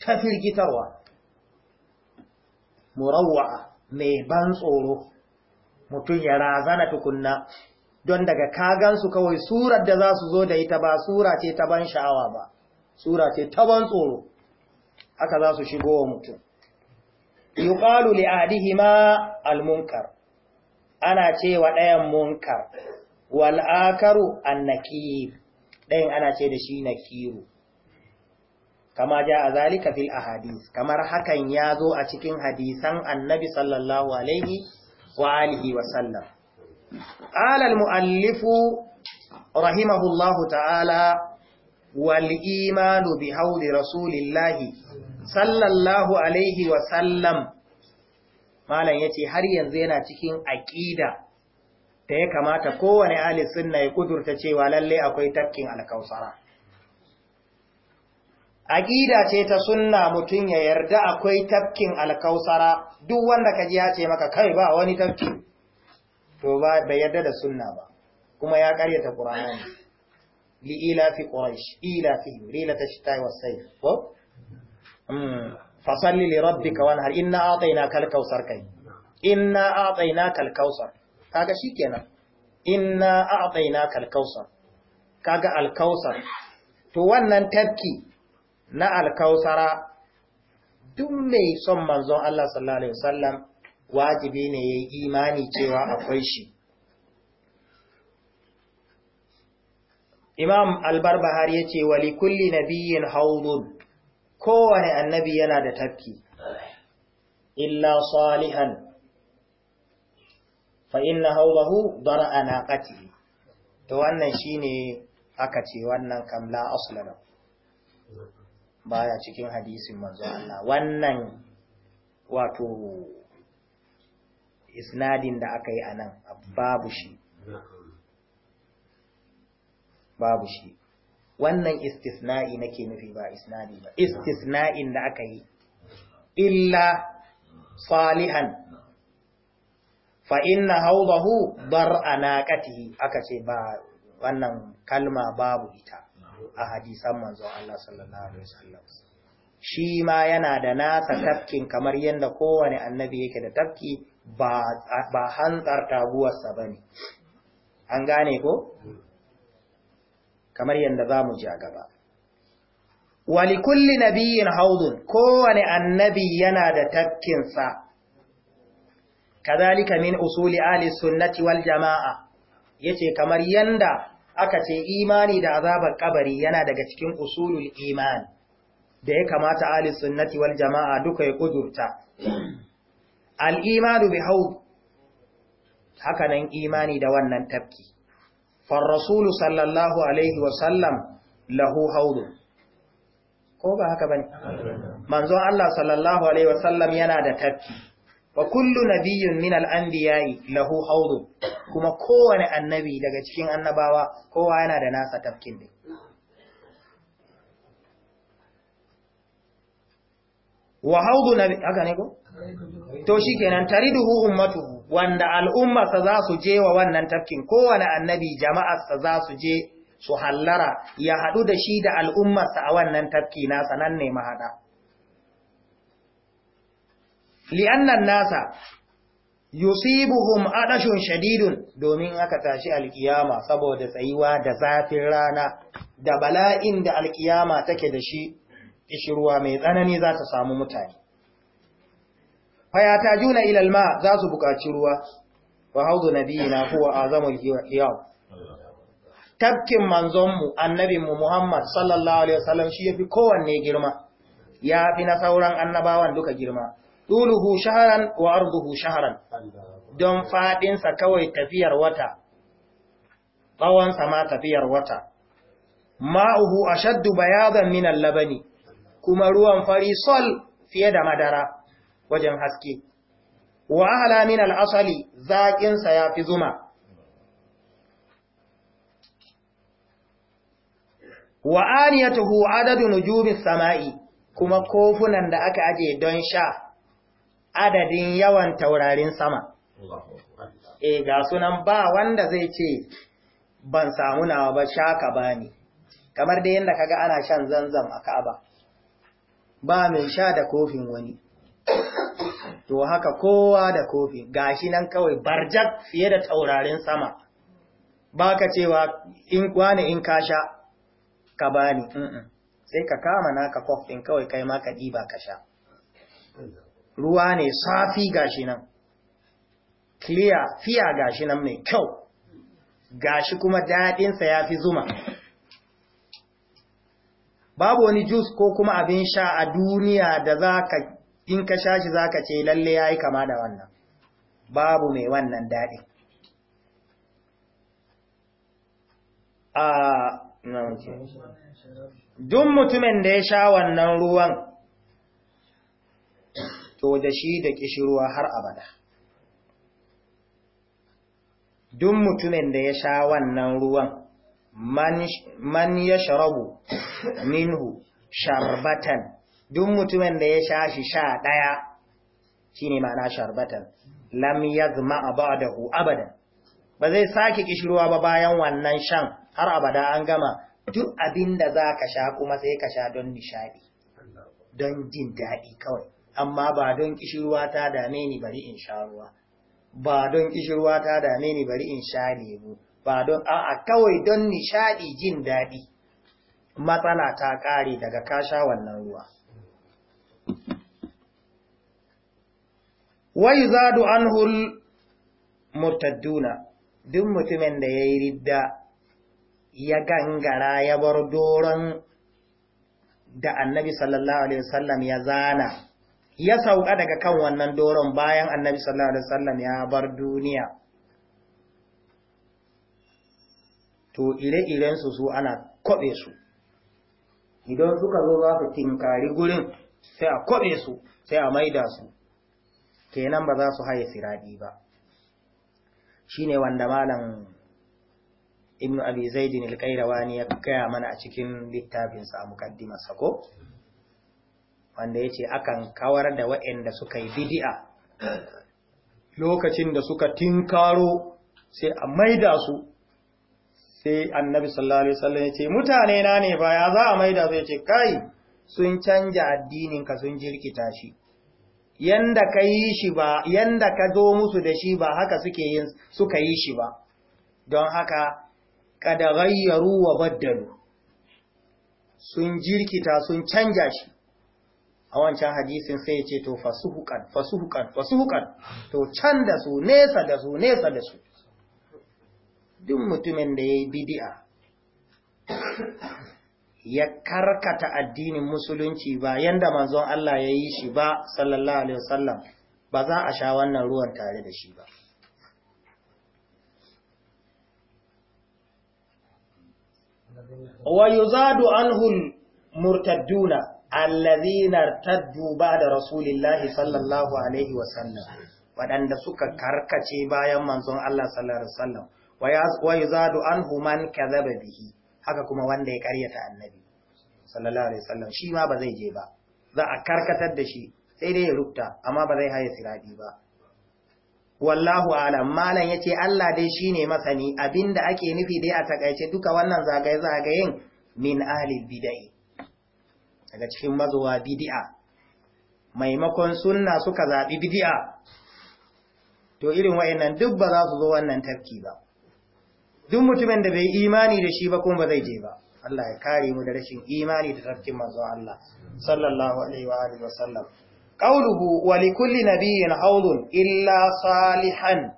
S1: ta firgitarwa murawwa'a mai ban tsoro mutum ya razana tukunna don daga kagansu kawai surar da za su zo da ita ba sura ce ta ban sha'awa ba sura ce ta ban tsoro haka za su shigo wa mutum yuqalu li adihima almunkar ana cewa ɗayan munkar wal'akaru an nakir, ɗayan ana ce da shi nakiru kama ja a zalika fil hadis, kamar hakan ya zo a cikin hadisan annabi sallallahu alaihi wa alihi wa alal mu'allifu rahimahullahu ta'ala wal imanu bi haudi rasulillahi sallallahu alaihi wa sallam malam yace har yanzu yana cikin aqida da ya kamata kowane ali sunna ya kudurta cewa lalle akwai tafkin alkausara aƙida ce ta sunna mutum ya yarda akwai tafkin alkausara duk wanda ka ji ya ce maka kai ba wani tafki to bai yarda da sunna ba kuma ya karyata qur'ani li ila fi quraish ila fi rila wa wasayf ko mm fasalli li rabbika wanhar inna a'tainaka al-kausar kai inna a'tainaka al-kausar kaga shikenan inna a'tainaka al-kausar kaga al-kausar to wannan tafki na al-kausara duk mai son manzon Allah sallallahu alaihi wasallam wajibi ne ya imani cewa akwai shi imam albarbahar ya ce wali kulli nabiyin haudun kowane annabi yana da tafki illa salihan fa inna haudahu dara ana naƙati to wannan shine aka ce wannan kamla aslana baya cikin hadisin manzo Allah wannan wato isnadin da aka yi a nan babu shi babu shi wannan istisna'i nake nufi ba isnadi ba istisna'in da aka yi illa salihan fa inna haudahu bar anaqatihi aka ce ba wannan kalma babu ita a hadisan manzon Allah sallallahu alaihi wasallam shi ma yana da nasa tafkin kamar yadda kowane annabi yake da tafki ba hantsar taguwarsa ba ne an gane ko kamar yadda za mu ji a gaba na biyun haudun kowane annabi yana da tafkinsa kazalika min usuli ali sunnati wal jama'a yace kamar yanda aka ce imani da azabar kabari yana daga cikin usulul imani da ya kamata Ali sunnati wal jama'a duka ya kudurta al'imanu bi hau hakanan imani da wannan tafki farrasulu sallallahu alaihi wasallam lahu haudu ko ba haka bane manzon Allah sallallahu alaihi wasallam yana da tafki wa kullu nabiyyun min al-anbiya'i lahu haudu kuma kowane annabi daga cikin annabawa kowa yana da nasa tafkin din wa haudu nabi haka ne ko to shikenan tariduhu ummatuhu wanda al'ummarsa za su je wa wannan tafkin kowane annabi jama'arsa za su je su hallara ya haɗu da shi da al'ummarsa a wannan tafki nasa nan ne mahaɗa. li'annan nasa yusibuhum adashun shadidun domin aka tashi alkiyama saboda tsayuwa da zafin rana da bala'in da alkiyama take da shi ruwa mai tsanani za ta samu mutane fayata juna ilal ma za su buƙaci ruwa wa haudu nabiyina huwa azamul hiyaw Tafkin manzonmu annabinmu Muhammad sallallahu alaihi wasallam shi yafi kowanne girma ya fi na sauran annabawan duka girma duluhu shaharan wa arduhu shaharan don faɗinsa kawai tafiyar wata Tsawonsa ma tafiyar wata ma'uhu ashaddu bayadan min al-labani kuma ruwan fari sol fiye da madara wajen haske wa ahala min al'asali zaƙinsa ya fi zuma wa tuhu adadin jubin sama'i kuma kofunan da aka aje don sha adadin yawan taurarin sama e ga sunan ba wanda zai ce ban samu nawa ba shaka bani kamar da yanda kaga ana shan zanzam a Ka'aba ba mai sha da kofin wani to haka kowa da kofi gashi nan kawai barjak fiye da taurarin sama ba ka cewa in wani in ka sha ka bani sai ka kama naka kofin kawai kai ma ka ɗiba ka sha ruwa ne safi gashi nan clear fiya gashi nan mai kyau gashi kuma daɗinsa ya fi zuma babu wani jus ko kuma abin sha a duniya da za ka in ka sha shi za ka ce lalle ya yi kama da wannan babu mai wannan daɗi dun mutumin da ya sha wannan ruwan to da shi da ƙishirwa har abada dun mutumin da ya sha wannan ruwan man ya sharabu minhu sharbatan duk mutumin da ya sha shi sha ɗaya shine mana ma'ana sharbatan lam ya zama abadahu abadan ba zai sake kishirwa ba bayan wannan shan har abada an gama duk abin da za ka sha kuma sai ka sha don nishaɗi don jin daɗi kawai amma ba don kishirwa ta dame ni bari in sha ruwa ba don kishirwa ta dame ni bari in sha lemu ba don a'a kawai don nishadi jin daɗi matsala ta ƙare daga kasha wannan ruwa wai zadu anhul murtadduna duk mutumin da ya yi ridda ya gangara ya bar doron da annabi sallallahu alaihi wasallam ya zana ya sauka daga kan wannan doron bayan annabi sallallahu alaihi wasallam ya bar duniya to ire-irensu su ana kwaɓe su idan suka zo za su tinkari gurin sai a kobe su sai a maida su kenan ba za su haye siradi ba shi ne wanda malam ibn abi zaidin ne ya kaya mana a cikin littafinsa a mukaddimarsa ko wanda ya ce akan kawar da waɗanda suka yi bidi'a lokacin da suka tinkaro sai a maida su sai annabi sallallahu alaihi wasallam ya ce mutane na ne ba ya za a maida zai ce kai sun canja addinin ka sun jirkita shi yanda ka yi shi ba yanda ka zo musu da shi ba haka suke yin suka yi shi ba don haka kada ghayyaru wa baddalu sun jirkita sun canja shi a wancan hadisin sai ya ce to fasuhukan fasuhukan fasuhukan to canda su nesa da su nesa da su duk mutumin da ya yi bidi'a ya karkata addinin musulunci ba yanda manzon Allah ya yi shi ba sallallahu alaihi wasallam ba za a sha wannan ruwan tare da shi ba wa yuzadu anhul murtadduna allazina irtaddu ba'da rasulillahi sallallahu alaihi wasallam wadanda suka karkace bayan manzon Allah sallallahu alaihi wasallam wa yuzadu anhu man kadhaba bihi haka kuma wanda ya karyata annabi sallallahu alaihi wasallam shi ma ba zai je ba za a karkatar da shi sai dai ya rukta amma ba zai haye siradi ba wallahu alam malan yace Allah dai shine masani abinda ake nufi dai a takaice duka wannan zagaye zagayen min ahli bid'ah daga cikin mazuwa bid'a maimakon sunna suka zabi bid'a to irin wayannan duk ba za su zo wannan tafki ba duk mutumin da bai imani da shi ba kuma ba zai je ba Allah ya kare mu da rashin imani da tarkin manzo Allah sallallahu alaihi wa alihi wasallam qauluhu wa kulli nabiyyin aulun illa salihan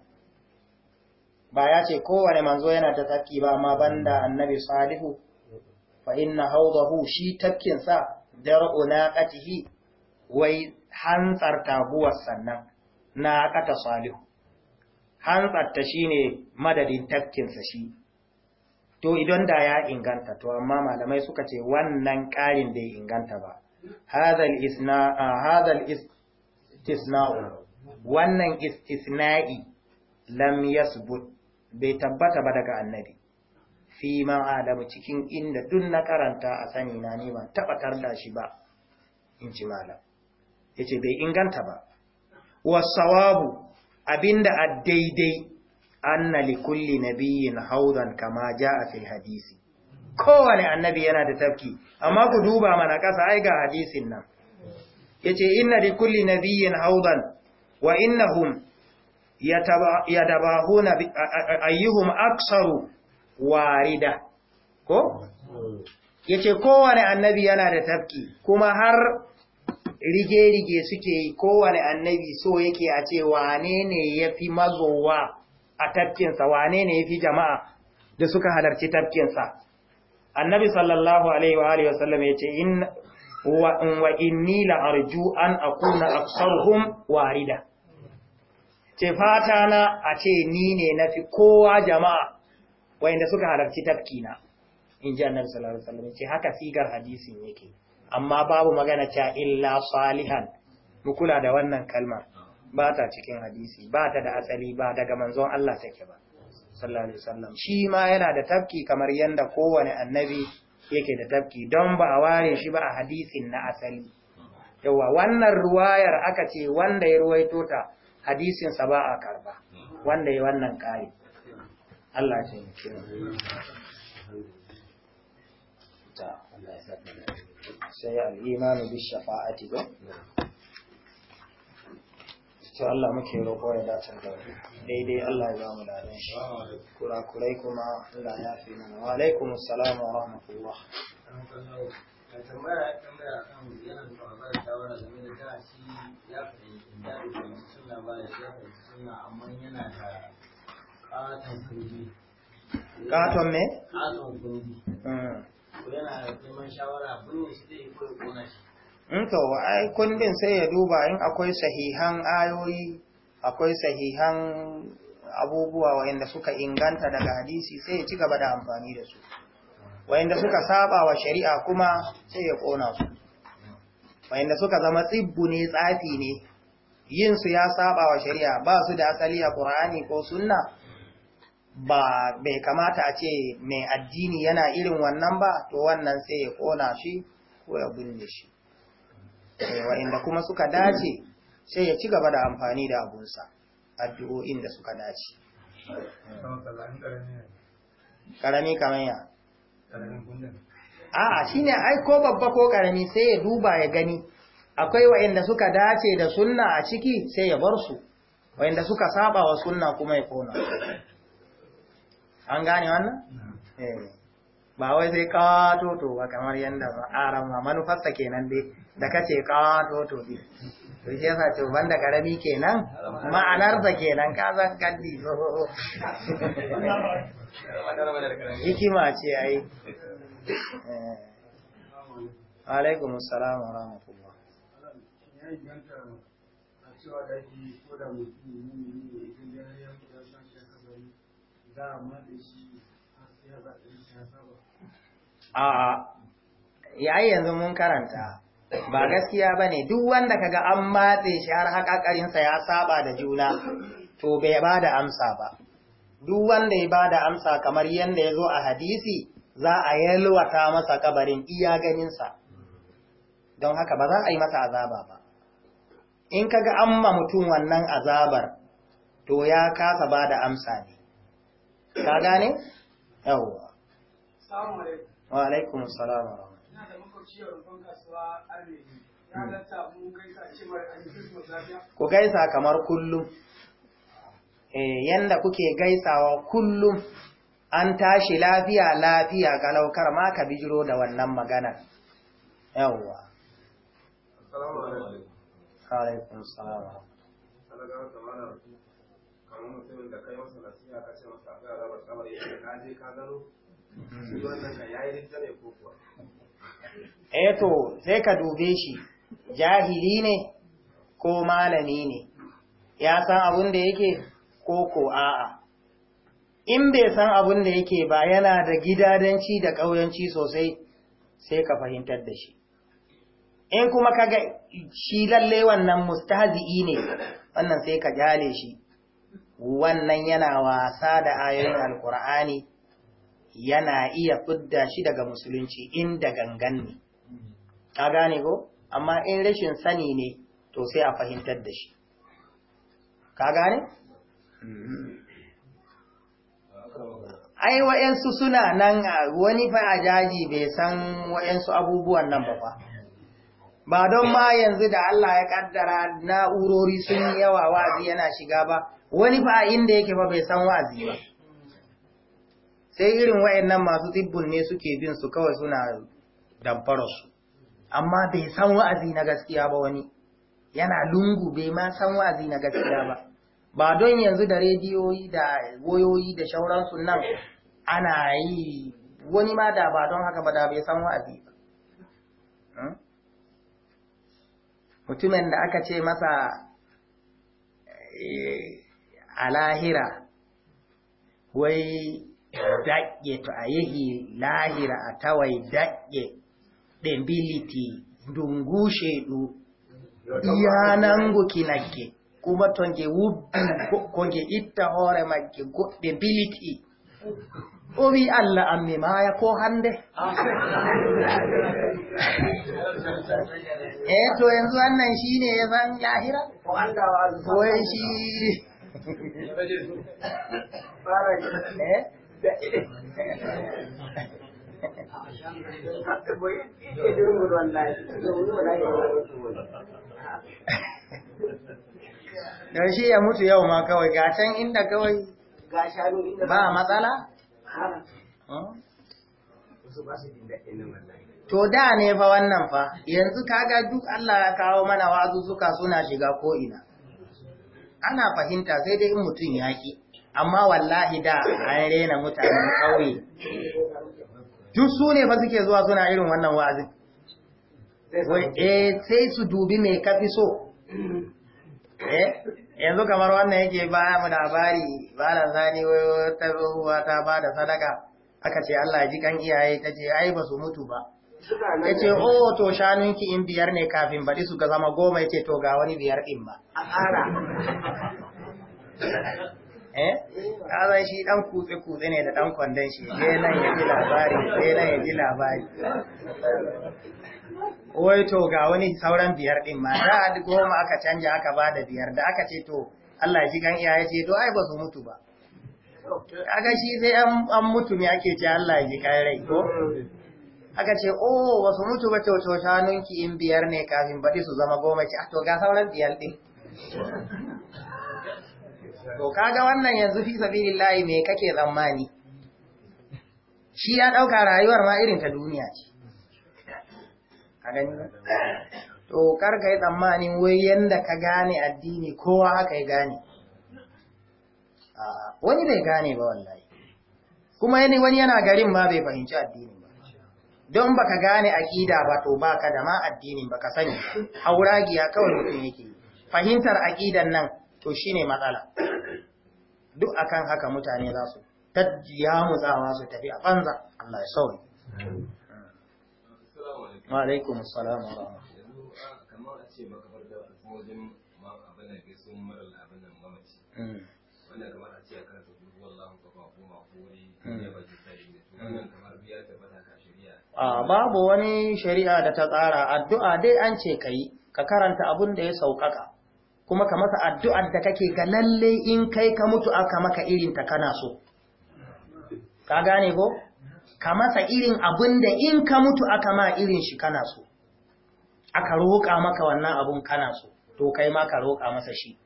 S1: ba ya ce kowane manzo yana da tarki ba amma banda annabi salihu fa inna hawdahu shi tafkin sa dar'u naqatihi wai hantsar tabuwar sannan naqata salihu batta shi ne madadin tafkinsa shi to idan da ya inganta to amma malamai suka ce wannan ƙarin bai inganta ba hazal istisna'u wannan istisna'i lam yasbut bai tabbata ba daga annabi fi Adamu cikin inda duk na karanta a sani na neman tabbatar da shi ba in ji malam yace bai inganta ba wasawabu abinda a daidai na likulli na biyin haudan kama a fil hadisi kowane annabi yana da tafki amma ku duba mana kasa ai ga hadisin nan yace ina likulli na biyin haudan wa a yi ayyuhum aksaru warida ko yace kowane annabi yana da tafki kuma har rige-rige suke yi kowane annabi so yake a ce wane ne ya fi mazowa a tafkinsa wane ne ya fi jama'a da suka halarci tafkinsa annabi sallallahu alaihi wa alihi wasallam ya ce in wa in nila arju an akuna sarhun warida ce fata na a ce ni ne na fi kowa jama'a wayanda suka halarci tafkina in ji annabi sallallahu alaihi wasallam ce haka sigar hadisin yake amma babu magana ta illa salihan mu kula da wannan kalma ba ta cikin hadisi ba ta da asali ba daga manzon Allah take ba sallallahu alaihi wasallam shi ma yana da tafki kamar yanda kowane annabi yake da tafki don ba a ware shi ba a hadisin na asali yawa wannan ruwayar aka ce wanda ya ruwaito ta hadisin sa ba a karba wanda ya wannan kai Allah ya ce mu sai al'imanu bi shafa'ati ba to Allah muke roƙo ya dace da daidai Allah ya mu shi kurakurai kuma Allah ya fi wa alaikum salamu wa rahmatullah
S2: tambaya ƙaton
S1: ƙaton me? in to ai kundin sai ya duba in akwai sahihan ayoyi akwai sahihan abubuwa wa'inda suka inganta daga hadisi sai ya ci gaba da amfani da su wa'inda suka saba wa shari'a kuma sai ya kona su wa'inda suka zama tsibbu ne tsafi ne yin su ya saba wa shari'a ba su da asali a Qur'ani ko sunna ba bai kamata a ce mai addini yana irin wannan ba to wannan sai ya kona shi ko ya binne shi eh, wa'inda kuma suka dace sai ya ci gaba da amfani da abunsa addu'o'in da suka dace karami kamar ya A'a, shine ai ko babba ko karami sai ya duba ya gani akwai wa'inda suka dace da sunna a ciki sai ya bar su wa'inda suka saba wa sunna kuma ya kona an gane wannan eh. ba wai sai katoto ba kamar yadda aran ma manufarsa kenan dai da kace katoto dai to shi yasa ce banda karami kenan ma'anar sa kenan ka zan kaddi (laughs) hikima ce ai eh. alaikum assalam wa rahmatullah a yayi yanzu mun karanta ba gaskiya ba ne duk wanda kaga an matse shi har haƙaƙarinsa ya saba da juna to bai ba da amsa ba duk wanda ya ba da amsa kamar yadda ya zo a hadisi za a yalwata masa kabarin iya ganinsa don haka ba za a yi masa azaba ba in kaga an ma mutum wannan azabar to ya kasa ba da amsa ne ka gane yawwa wa alaikum salama ina ku gaisa kamar kullum yadda eh, yanda kuke gaisawa kullum an tashi lafiya lafiya laukar ma ka bijiro da wannan magana yawwa
S2: salamu alaikum
S1: alaikum assalam Eto eh sai ka dube shi jahili ne ko malami ne ya san abin da yake ko ko a'a in bai san abun da yake ba yana da gidadanci da ƙauyanci sosai sai ka fahimtar da shi in kuma kaga shi lalle wannan mustahzi ne wannan sai ka jale shi wannan yana wasa da ayoyin alkur'ani yana iya fidda shi daga musulunci inda gangan ne ka gane ko amma in rashin sani ne to sai a fahimtar da shi ka gane ai wa'yansu suna nan wani fa a jaji bai san wa'yansu abubuwan nan ba fa ba don ma yanzu da Allah ya kaddara na'urori sun yawa wa'azi yana shiga ba wani fa inda yake fa bai san wa'azi ba sai irin nan masu tsibbin ne suke bin su kawai suna damfararsu amma bai san wa'azi na gaskiya ba wani yana lungu bai ma san wa'azi na gaskiya ba ba don yanzu da rediyoyi da wayoyi da shauransu nan ana yi wani ma da ba don haka ba da bai san wa'azi ba hmm? mutumin da aka ce masa eh, a lahira wai daƙe to a yi lahira a tawai daƙe ɗabiliti dungu shaidu na ke, kuma tonge konge itta hore magge goɗɗe biliti o wi allah ammi maaya ko hande (laughs) e to yanzu wannan shine ya san yahira
S2: Ko shi Da
S1: shi ya mutu yau ma kawai ga can inda kawai ba matsala? To da ne fa wannan fa, yanzu kaga duk Allah ya kawo mana wazu suka suna shiga ko'ina. ana fahimta sai dai in mutum ya ki amma wallahi da an rena mutanen kawai. duk su fa suke zuwa suna irin wannan wa’azi. Eh, sai su dubi mai kafi so eh, yanzu kamar wannan yake baya mu labari ba da zani ta ruwa ta ba da sadaka aka ce Allah ji kan iyaye ta ce ai ba su mutu ba
S2: ya ce o
S1: to shanunki in biyar ne kafin baɗi su ga zama goma ya ce to ga wani biyar ɗin ba
S2: a ƙara (laughs)
S1: eh shi ɗan kutse-kutse ne da ɗan kwandon shi je nan ya ji labari je nan ya ji labari wai to ga wani sauran biyar ɗin ma za a goma aka canja aka ba da biyar da aka ce to Allah ji gan iyaye ce to ai ba su mutu ba aga shi sai an mutu ne ake ce Allah ji kan rai ko mm. aka ce oh wasu mutu ba cewa shanunki in biyar ne kafin baɗi su zama goma ce ah, to ga sauran biyar ɗin to kaga wannan yanzu fi layi me kake tsammani shi ya ɗauka rayuwar ma irin ta duniya ce a gani to kar ka yi tsammanin wai yanda ka gane addini kowa haka ya gane wani bai gane ba wallahi kuma yani wani yana garin ma bai fahimci addini don baka gane aqida ba to baka da ma addinin baka sani hauragiya kawai mutum yake fahimtar aqidan nan to shine matsala duk akan haka mutane za su tajjiya mutsawa su tafi a banza Allah ya sauri wa alaikum assalam wa
S2: rahmatullahi wa barakatuh kamar a ce babu
S1: wani shari'a da ta tsara addu'a dai an ce ka yi ka karanta abin da ya sauƙaƙa kuma ka masa addu'ar da kake ga lalle in kai ka mutu aka maka irin ta kana so ka gane ko ka masa irin abin da in ka mutu aka ma irin shi kana so aka roƙa maka wannan abun kana so to kai ma ka roƙa masa shi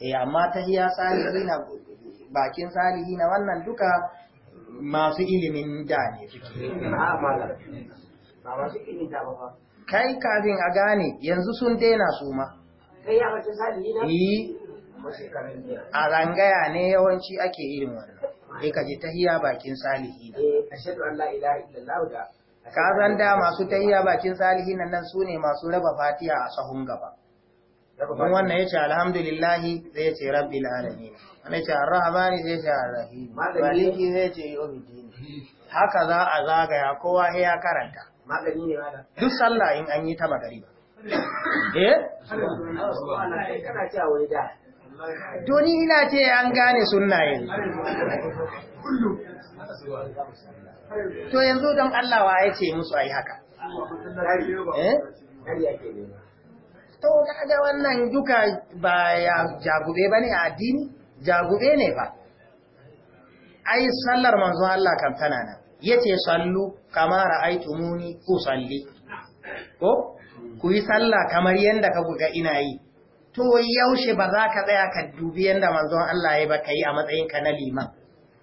S1: eh amma ta hiya salihi na bakin salihi na wannan duka masu ilimin da ne kai kafin a gane yanzu sun daina su ma eh. a rangaya ne yawanci ake irin wannan sai ka ji tahiya bakin salihi eh, ka san da masu tahiya bakin salihi nan nan su ne masu raba fatiya a sahun gaba don wannan ya ce alhamdulillahi zai ce rabbil alamin wani shara ar-rahmani zai ce ar-rahim maliki zai ce yawmiddin haka za a zagaya kowa ya karanta duk sallah in an yi ta ba. eh
S2: kana cewa wai da doni ina ce an gane sunayen. to yanzu
S1: don Allah wa ya ce musu ayi haka eh to kaga wannan duka ba ya jagube ne a addini jagube ne ba. ai sallar manzo Allah kan tana nan yace sallu tumuni ku salli, ko ku yi sallah kamar yadda ka buga ina yi to yaushe ba za ka tsaya ka dubi yadda manzon Allah ya ba kai a matsayin ka na liman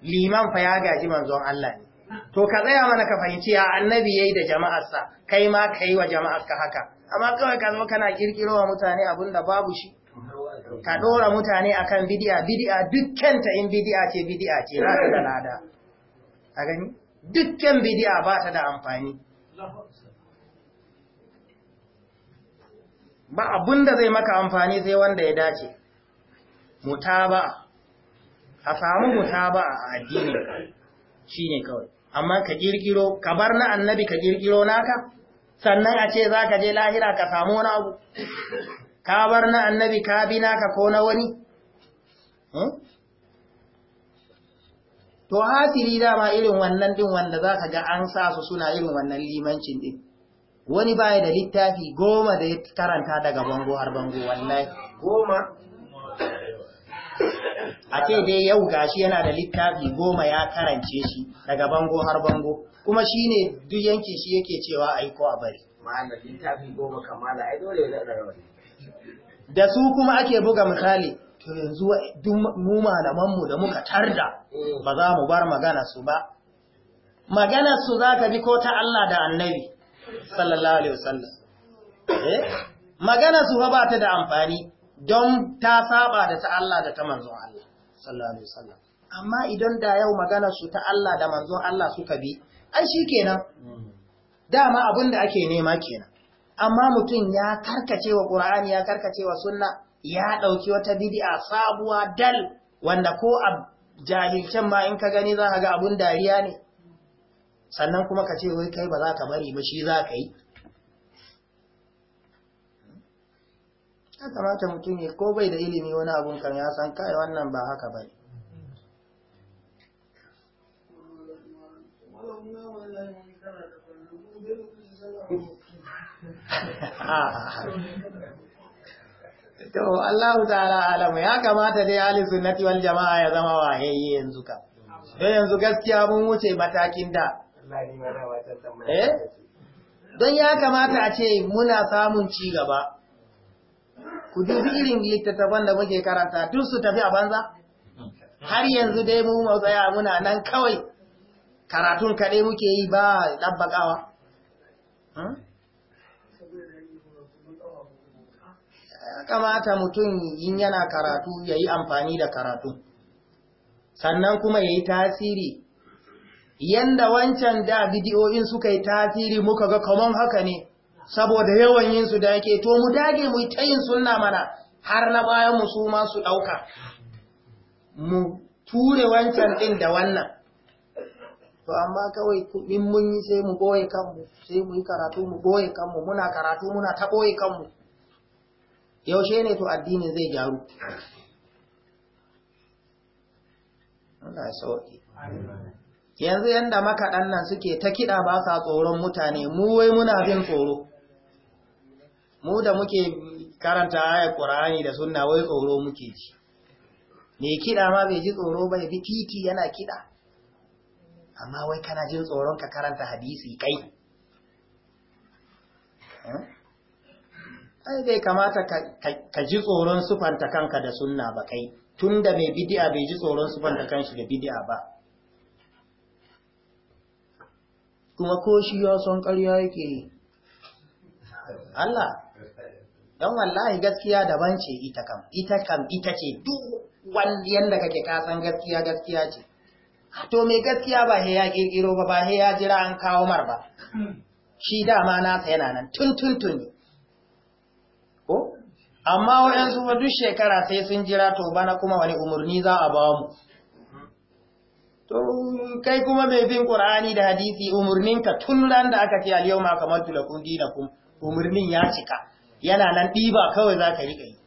S1: liman fa ya gaji manzon Allah ne to ka tsaya mana ka fahimci ya annabi yayi da jama'arsa kai ma kai wa jama'arka haka amma kawai ka zo kana kirkiro wa mutane abinda babu shi ka dora mutane akan bidiya-bidiya dukkan dukkanta in bidiya ce bidiya ce ba ta da lada a gani dukkan bidiya ba ta da amfani ba abinda zai maka amfani sai wanda ya dace ba a samu ba a addini ne kawai amma ka girgiro, ka bar na annabi ka girgiro naka sannan a ce za ka je lahira ka samu wani abu ka bar na annabi ka bi naka ko na wani hmm? to hasiri dama irin wannan din wanda za ka ga an sa su suna irin wannan limancin din wani baya da littafi goma da ya karanta daga bango har bango wallahi goma a ce dai yau gashi yana da littafi goma ya karance shi daga bango har bango kuma shi ne duk yankin shi yake cewa aiko a bari ma'ana littafi goma kamala ai dole ya zaɗa rawar da su kuma ake buga misali to yanzu mu malamanmu da muka tarda ba za mu bar magana su ba maganar su za ka bi ko ta Allah da annabi sallallahu alaihi wasallam eh maganar su ba ta da amfani don ta saba da ta Allah da ta manzon Allah sallallahu alaihi wasallam amma idan da yau maganar su ta Allah da manzon Allah suka bi ai shikenan mm. dama abinda da ake nema kenan amma mutum ya karkace wa ƙura'ani ya karkace wa sunna ya ɗauki wata bidi'a sabuwa dal wanda ko a jahilcen ma in ka gani za ka ga abin dariya ne sannan kuma ka ce wai kai ba za ka bari ba shi za ka yi ya kamata mutum ne ko bai da ilimi wani abun kan ya san kai wannan ba haka ba Thank you. (laughs) to Allah ta'ala alamu ya kamata dai ahli sunnati wal jama'a ya zama wayayye yanzu ka don yanzu gaskiya mun wuce matakin da eh don ya kamata a ce muna samun ci gaba ku dubi irin littattafan da muke karanta duk su tafi a banza har yanzu dai mu tsaya muna nan kawai karatun kaɗai muke yi ba ɗabbaƙawa hmm? kamata mutum yin yana karatu ya yi amfani da karatu sannan kuma ya yi tasiri yanda wancan da bidiyoyin suka yi tasiri muka ga kamar haka ne saboda yawan yin su da yake to mu dage mu ta yin suna mana har na bayan mu su masu su ɗauka mu ture wancan ɗin da wannan to amma kawai in mun yi sai mu ɓoye kanmu sai mu yi karatu mu ɓoye kanmu muna karatu muna ta ɓoye kanmu yaushe ne to addini zai gyaru Allah ya yanzu yanda makaɗan nan suke ta kiɗa ba sa tsoron mutane mu wai muna bin tsoro mu da muke karanta ayar Qur'ani da sunna wai tsoro muke ji me kiɗa ma bai ji tsoro bai bi titi yana kiɗa amma wai kana jin tsoron ka karanta hadisi kai ai bai kamata ka ji tsoron sufanta kanka da sunna ba kai tunda mai bid'a bai ji tsoron sufanta kanshi da bidi'a ba kuma ko shi ya son ƙarya yake yi Allah don wallahi gaskiya daban ce ita kam ita kam ita ce duk wanda yanda kake kasan gaskiya gaskiya ce to me gaskiya ba he ya kirkiro ba ba he ya jira an kawo mar ba shi dama nasa yana nan tun tun tun. amma waɗansu ba duk shekara sai sun jira to bana kuma wani umarni za a ba mu to kai kuma mai bin ƙur'ani da hadisi umarninka tun ran da aka fiye aliyau ma kamar tulakun dinakun umarnin ya cika yana nan ɗiba kawai za ka riƙa yi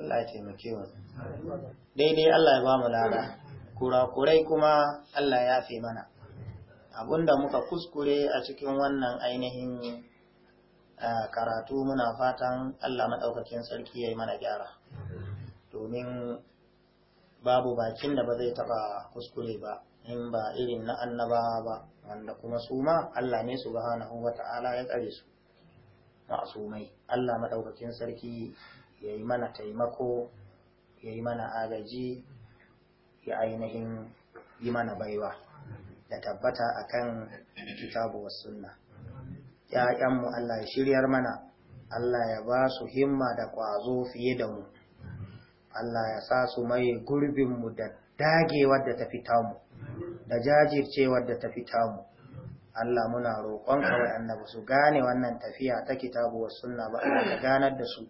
S1: Allah ya taimake mu daidai Allah ya ba mu lada kurakurai kuma Allah ya fi mana da muka kuskure a cikin wannan ainihin karatu muna fatan Allah maɗaukakin sarki ya yi mana gyara domin babu bakin da ba zai taɓa kuskure ba in ba irin na annaba ba wanda kuma su ma Allah ne su subhanahu wata'ala ya tsare su masumai Allah maɗaukakin sarki ya yi mana taimako ya yi mana agaji ya ainihin yi mana baiwa da tabbata akan kitabu wa sunna ƴaƴanmu Allah ya shiryar mana Allah ya ba su himma da ƙwazo fiye da mu Allah ya sa su mai gurbinmu da dagewar da ta fita mu da jajircewar da ta fita mu Allah muna roƙon kawai annabi su gane wannan tafiya ta kitabu wa sunna ba a ya ganar da su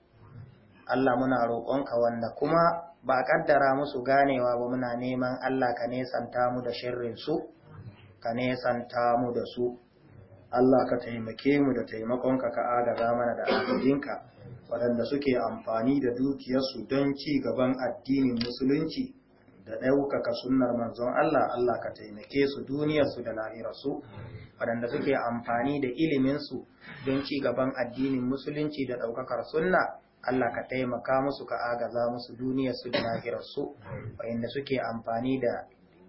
S1: Allah muna roƙonka wanda kuma ba a ƙaddara musu ganewa ba muna neman Allah ka nesanta mu da shirinsu. ka nesanta mu da su Allah ka taimake mu da taimakon ka agaza mana da abinka waɗanda suke amfani da dukiyarsu don ci gaban addinin musulunci da ɗaukaka sunnar manzon Allah Allah ka taimake su duniyarsu da lahirarsu waɗanda suke amfani da iliminsu don ci gaban addinin musulunci da ɗaukakar sunna Allah ka taimaka musu ka agaza musu duniyarsu da lahirarsu waɗanda suke amfani da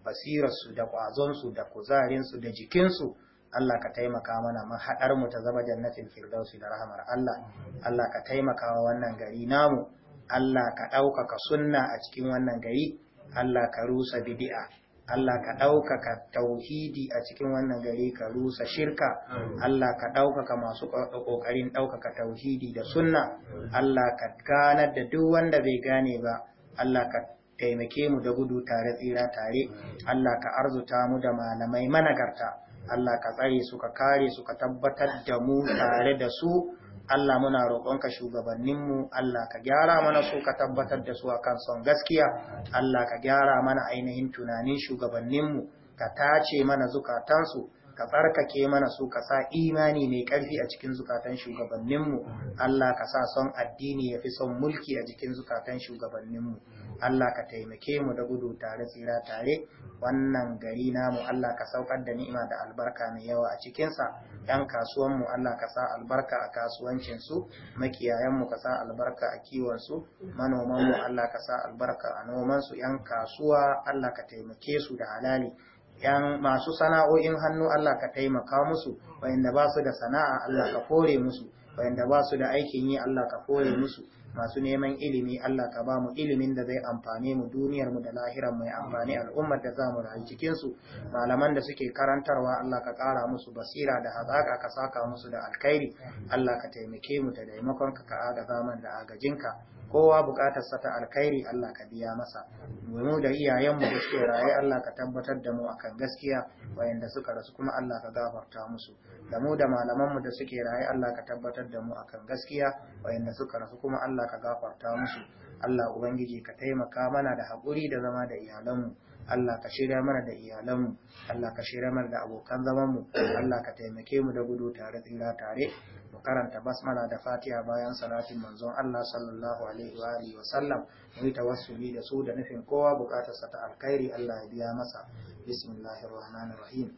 S1: basirarsu da ƙwazonsu da kuzarinsu da jikinsu Allah ka taimaka mana mahaɗar mu ta zama jannatin firdausi da rahamar Allah Allah ka taimaka wa wannan gari namu Allah ka ɗaukaka sunna a cikin wannan gari Allah ka rusa bidi'a Allah ka ɗaukaka tauhidi a cikin wannan gari ka rusa shirka, Allah ka ɗaukaka masu ƙoƙarin ɗaukaka tauhidi da sunna, Allah ka ganar da duk wanda bai gane ba, Allah ka taimake mu da gudu tare tsira tare Allah ka arzuta mu da malamai managarta Allah ka tsare su ka kare su ka tabbatar da mu tare da su Allah muna shugabannin shugabanninmu Allah ka gyara mana su ka tabbatar da su akan son gaskiya Allah ka gyara mana ainihin tunanin shugabannin mu ka tace mana zukatansu ka tsarkake mana su ka sa imani mai ƙarfi a cikin zukatan shugabanninmu Allah ka sa son addini ya fi son mulki a jikin zukatan shugabanninmu Allah ka taimake mu da gudu tare tsira tare wannan gari namu Allah ka saukar da ni'ima da albarka mai yawa a cikinsa ‘yan kasuwanmu Allah ka sa albarka a kasuwancinsu makiyayenmu ka sa albarka a kiwonsu manomanmu Allah ka sa albarka a nomansu ‘yan kasuwa Allah ka taimake su da halali yan masu sana'o'in hannu Allah ka taimaka musu wayanda ba su da sana'a Allah ka kore musu wayanda ba su da aikin yi Allah ka kore musu masu neman ilimi Allah ka ba mu ilimin da zai amfane mu duniyar mu da lahirar mu ya amfani al'ummar da zamu rayu cikin su malaman da suke karantarwa Allah ka ƙara musu basira da hazaka ka saka musu da alkhairi Allah ka taimake mu da taimakon ka ka ga zaman da agajinka kowa bukatarsa ta alkhairi Allah ka biya masa mu da iyayenmu da suke raye Allah ka tabbatar da mu akan gaskiya wayanda suka rasu kuma Allah ka gafarta musu da mu da malamanmu da suke raye Allah ka tabbatar da mu akan gaskiya wayanda suka rasu kuma Allah ka gafarta musu Allah ubangiji ka taimaka mana da hakuri da zama da iyalanmu Allah ka shirya mana da iyalanmu, Allah ka shirya mana da abokan zamanmu, Allah ka taimake mu da gudu tare tsira tare, mu karanta basmala da fatiha bayan salatin manzon Allah sallallahu alaihi wa alihi wa sallam mu yi tawassuli da su da nufin kowa bukatarsa ta alkhairi Allah ya biya masa bismillahir rahmanir rahim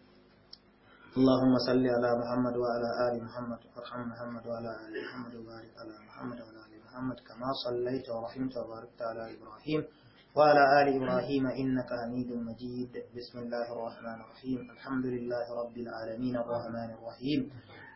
S1: اللهم صل على محمد وعلى آل محمد وارحم محمد وعلى آل محمد وبارك على محمد وعلى آل محمد كما صليت ورحمت وباركت على إبراهيم وعلى آل إبراهيم إنك حميد مجيد بسم الله الرحمن الرحيم الحمد لله رب العالمين الرحمن الرحيم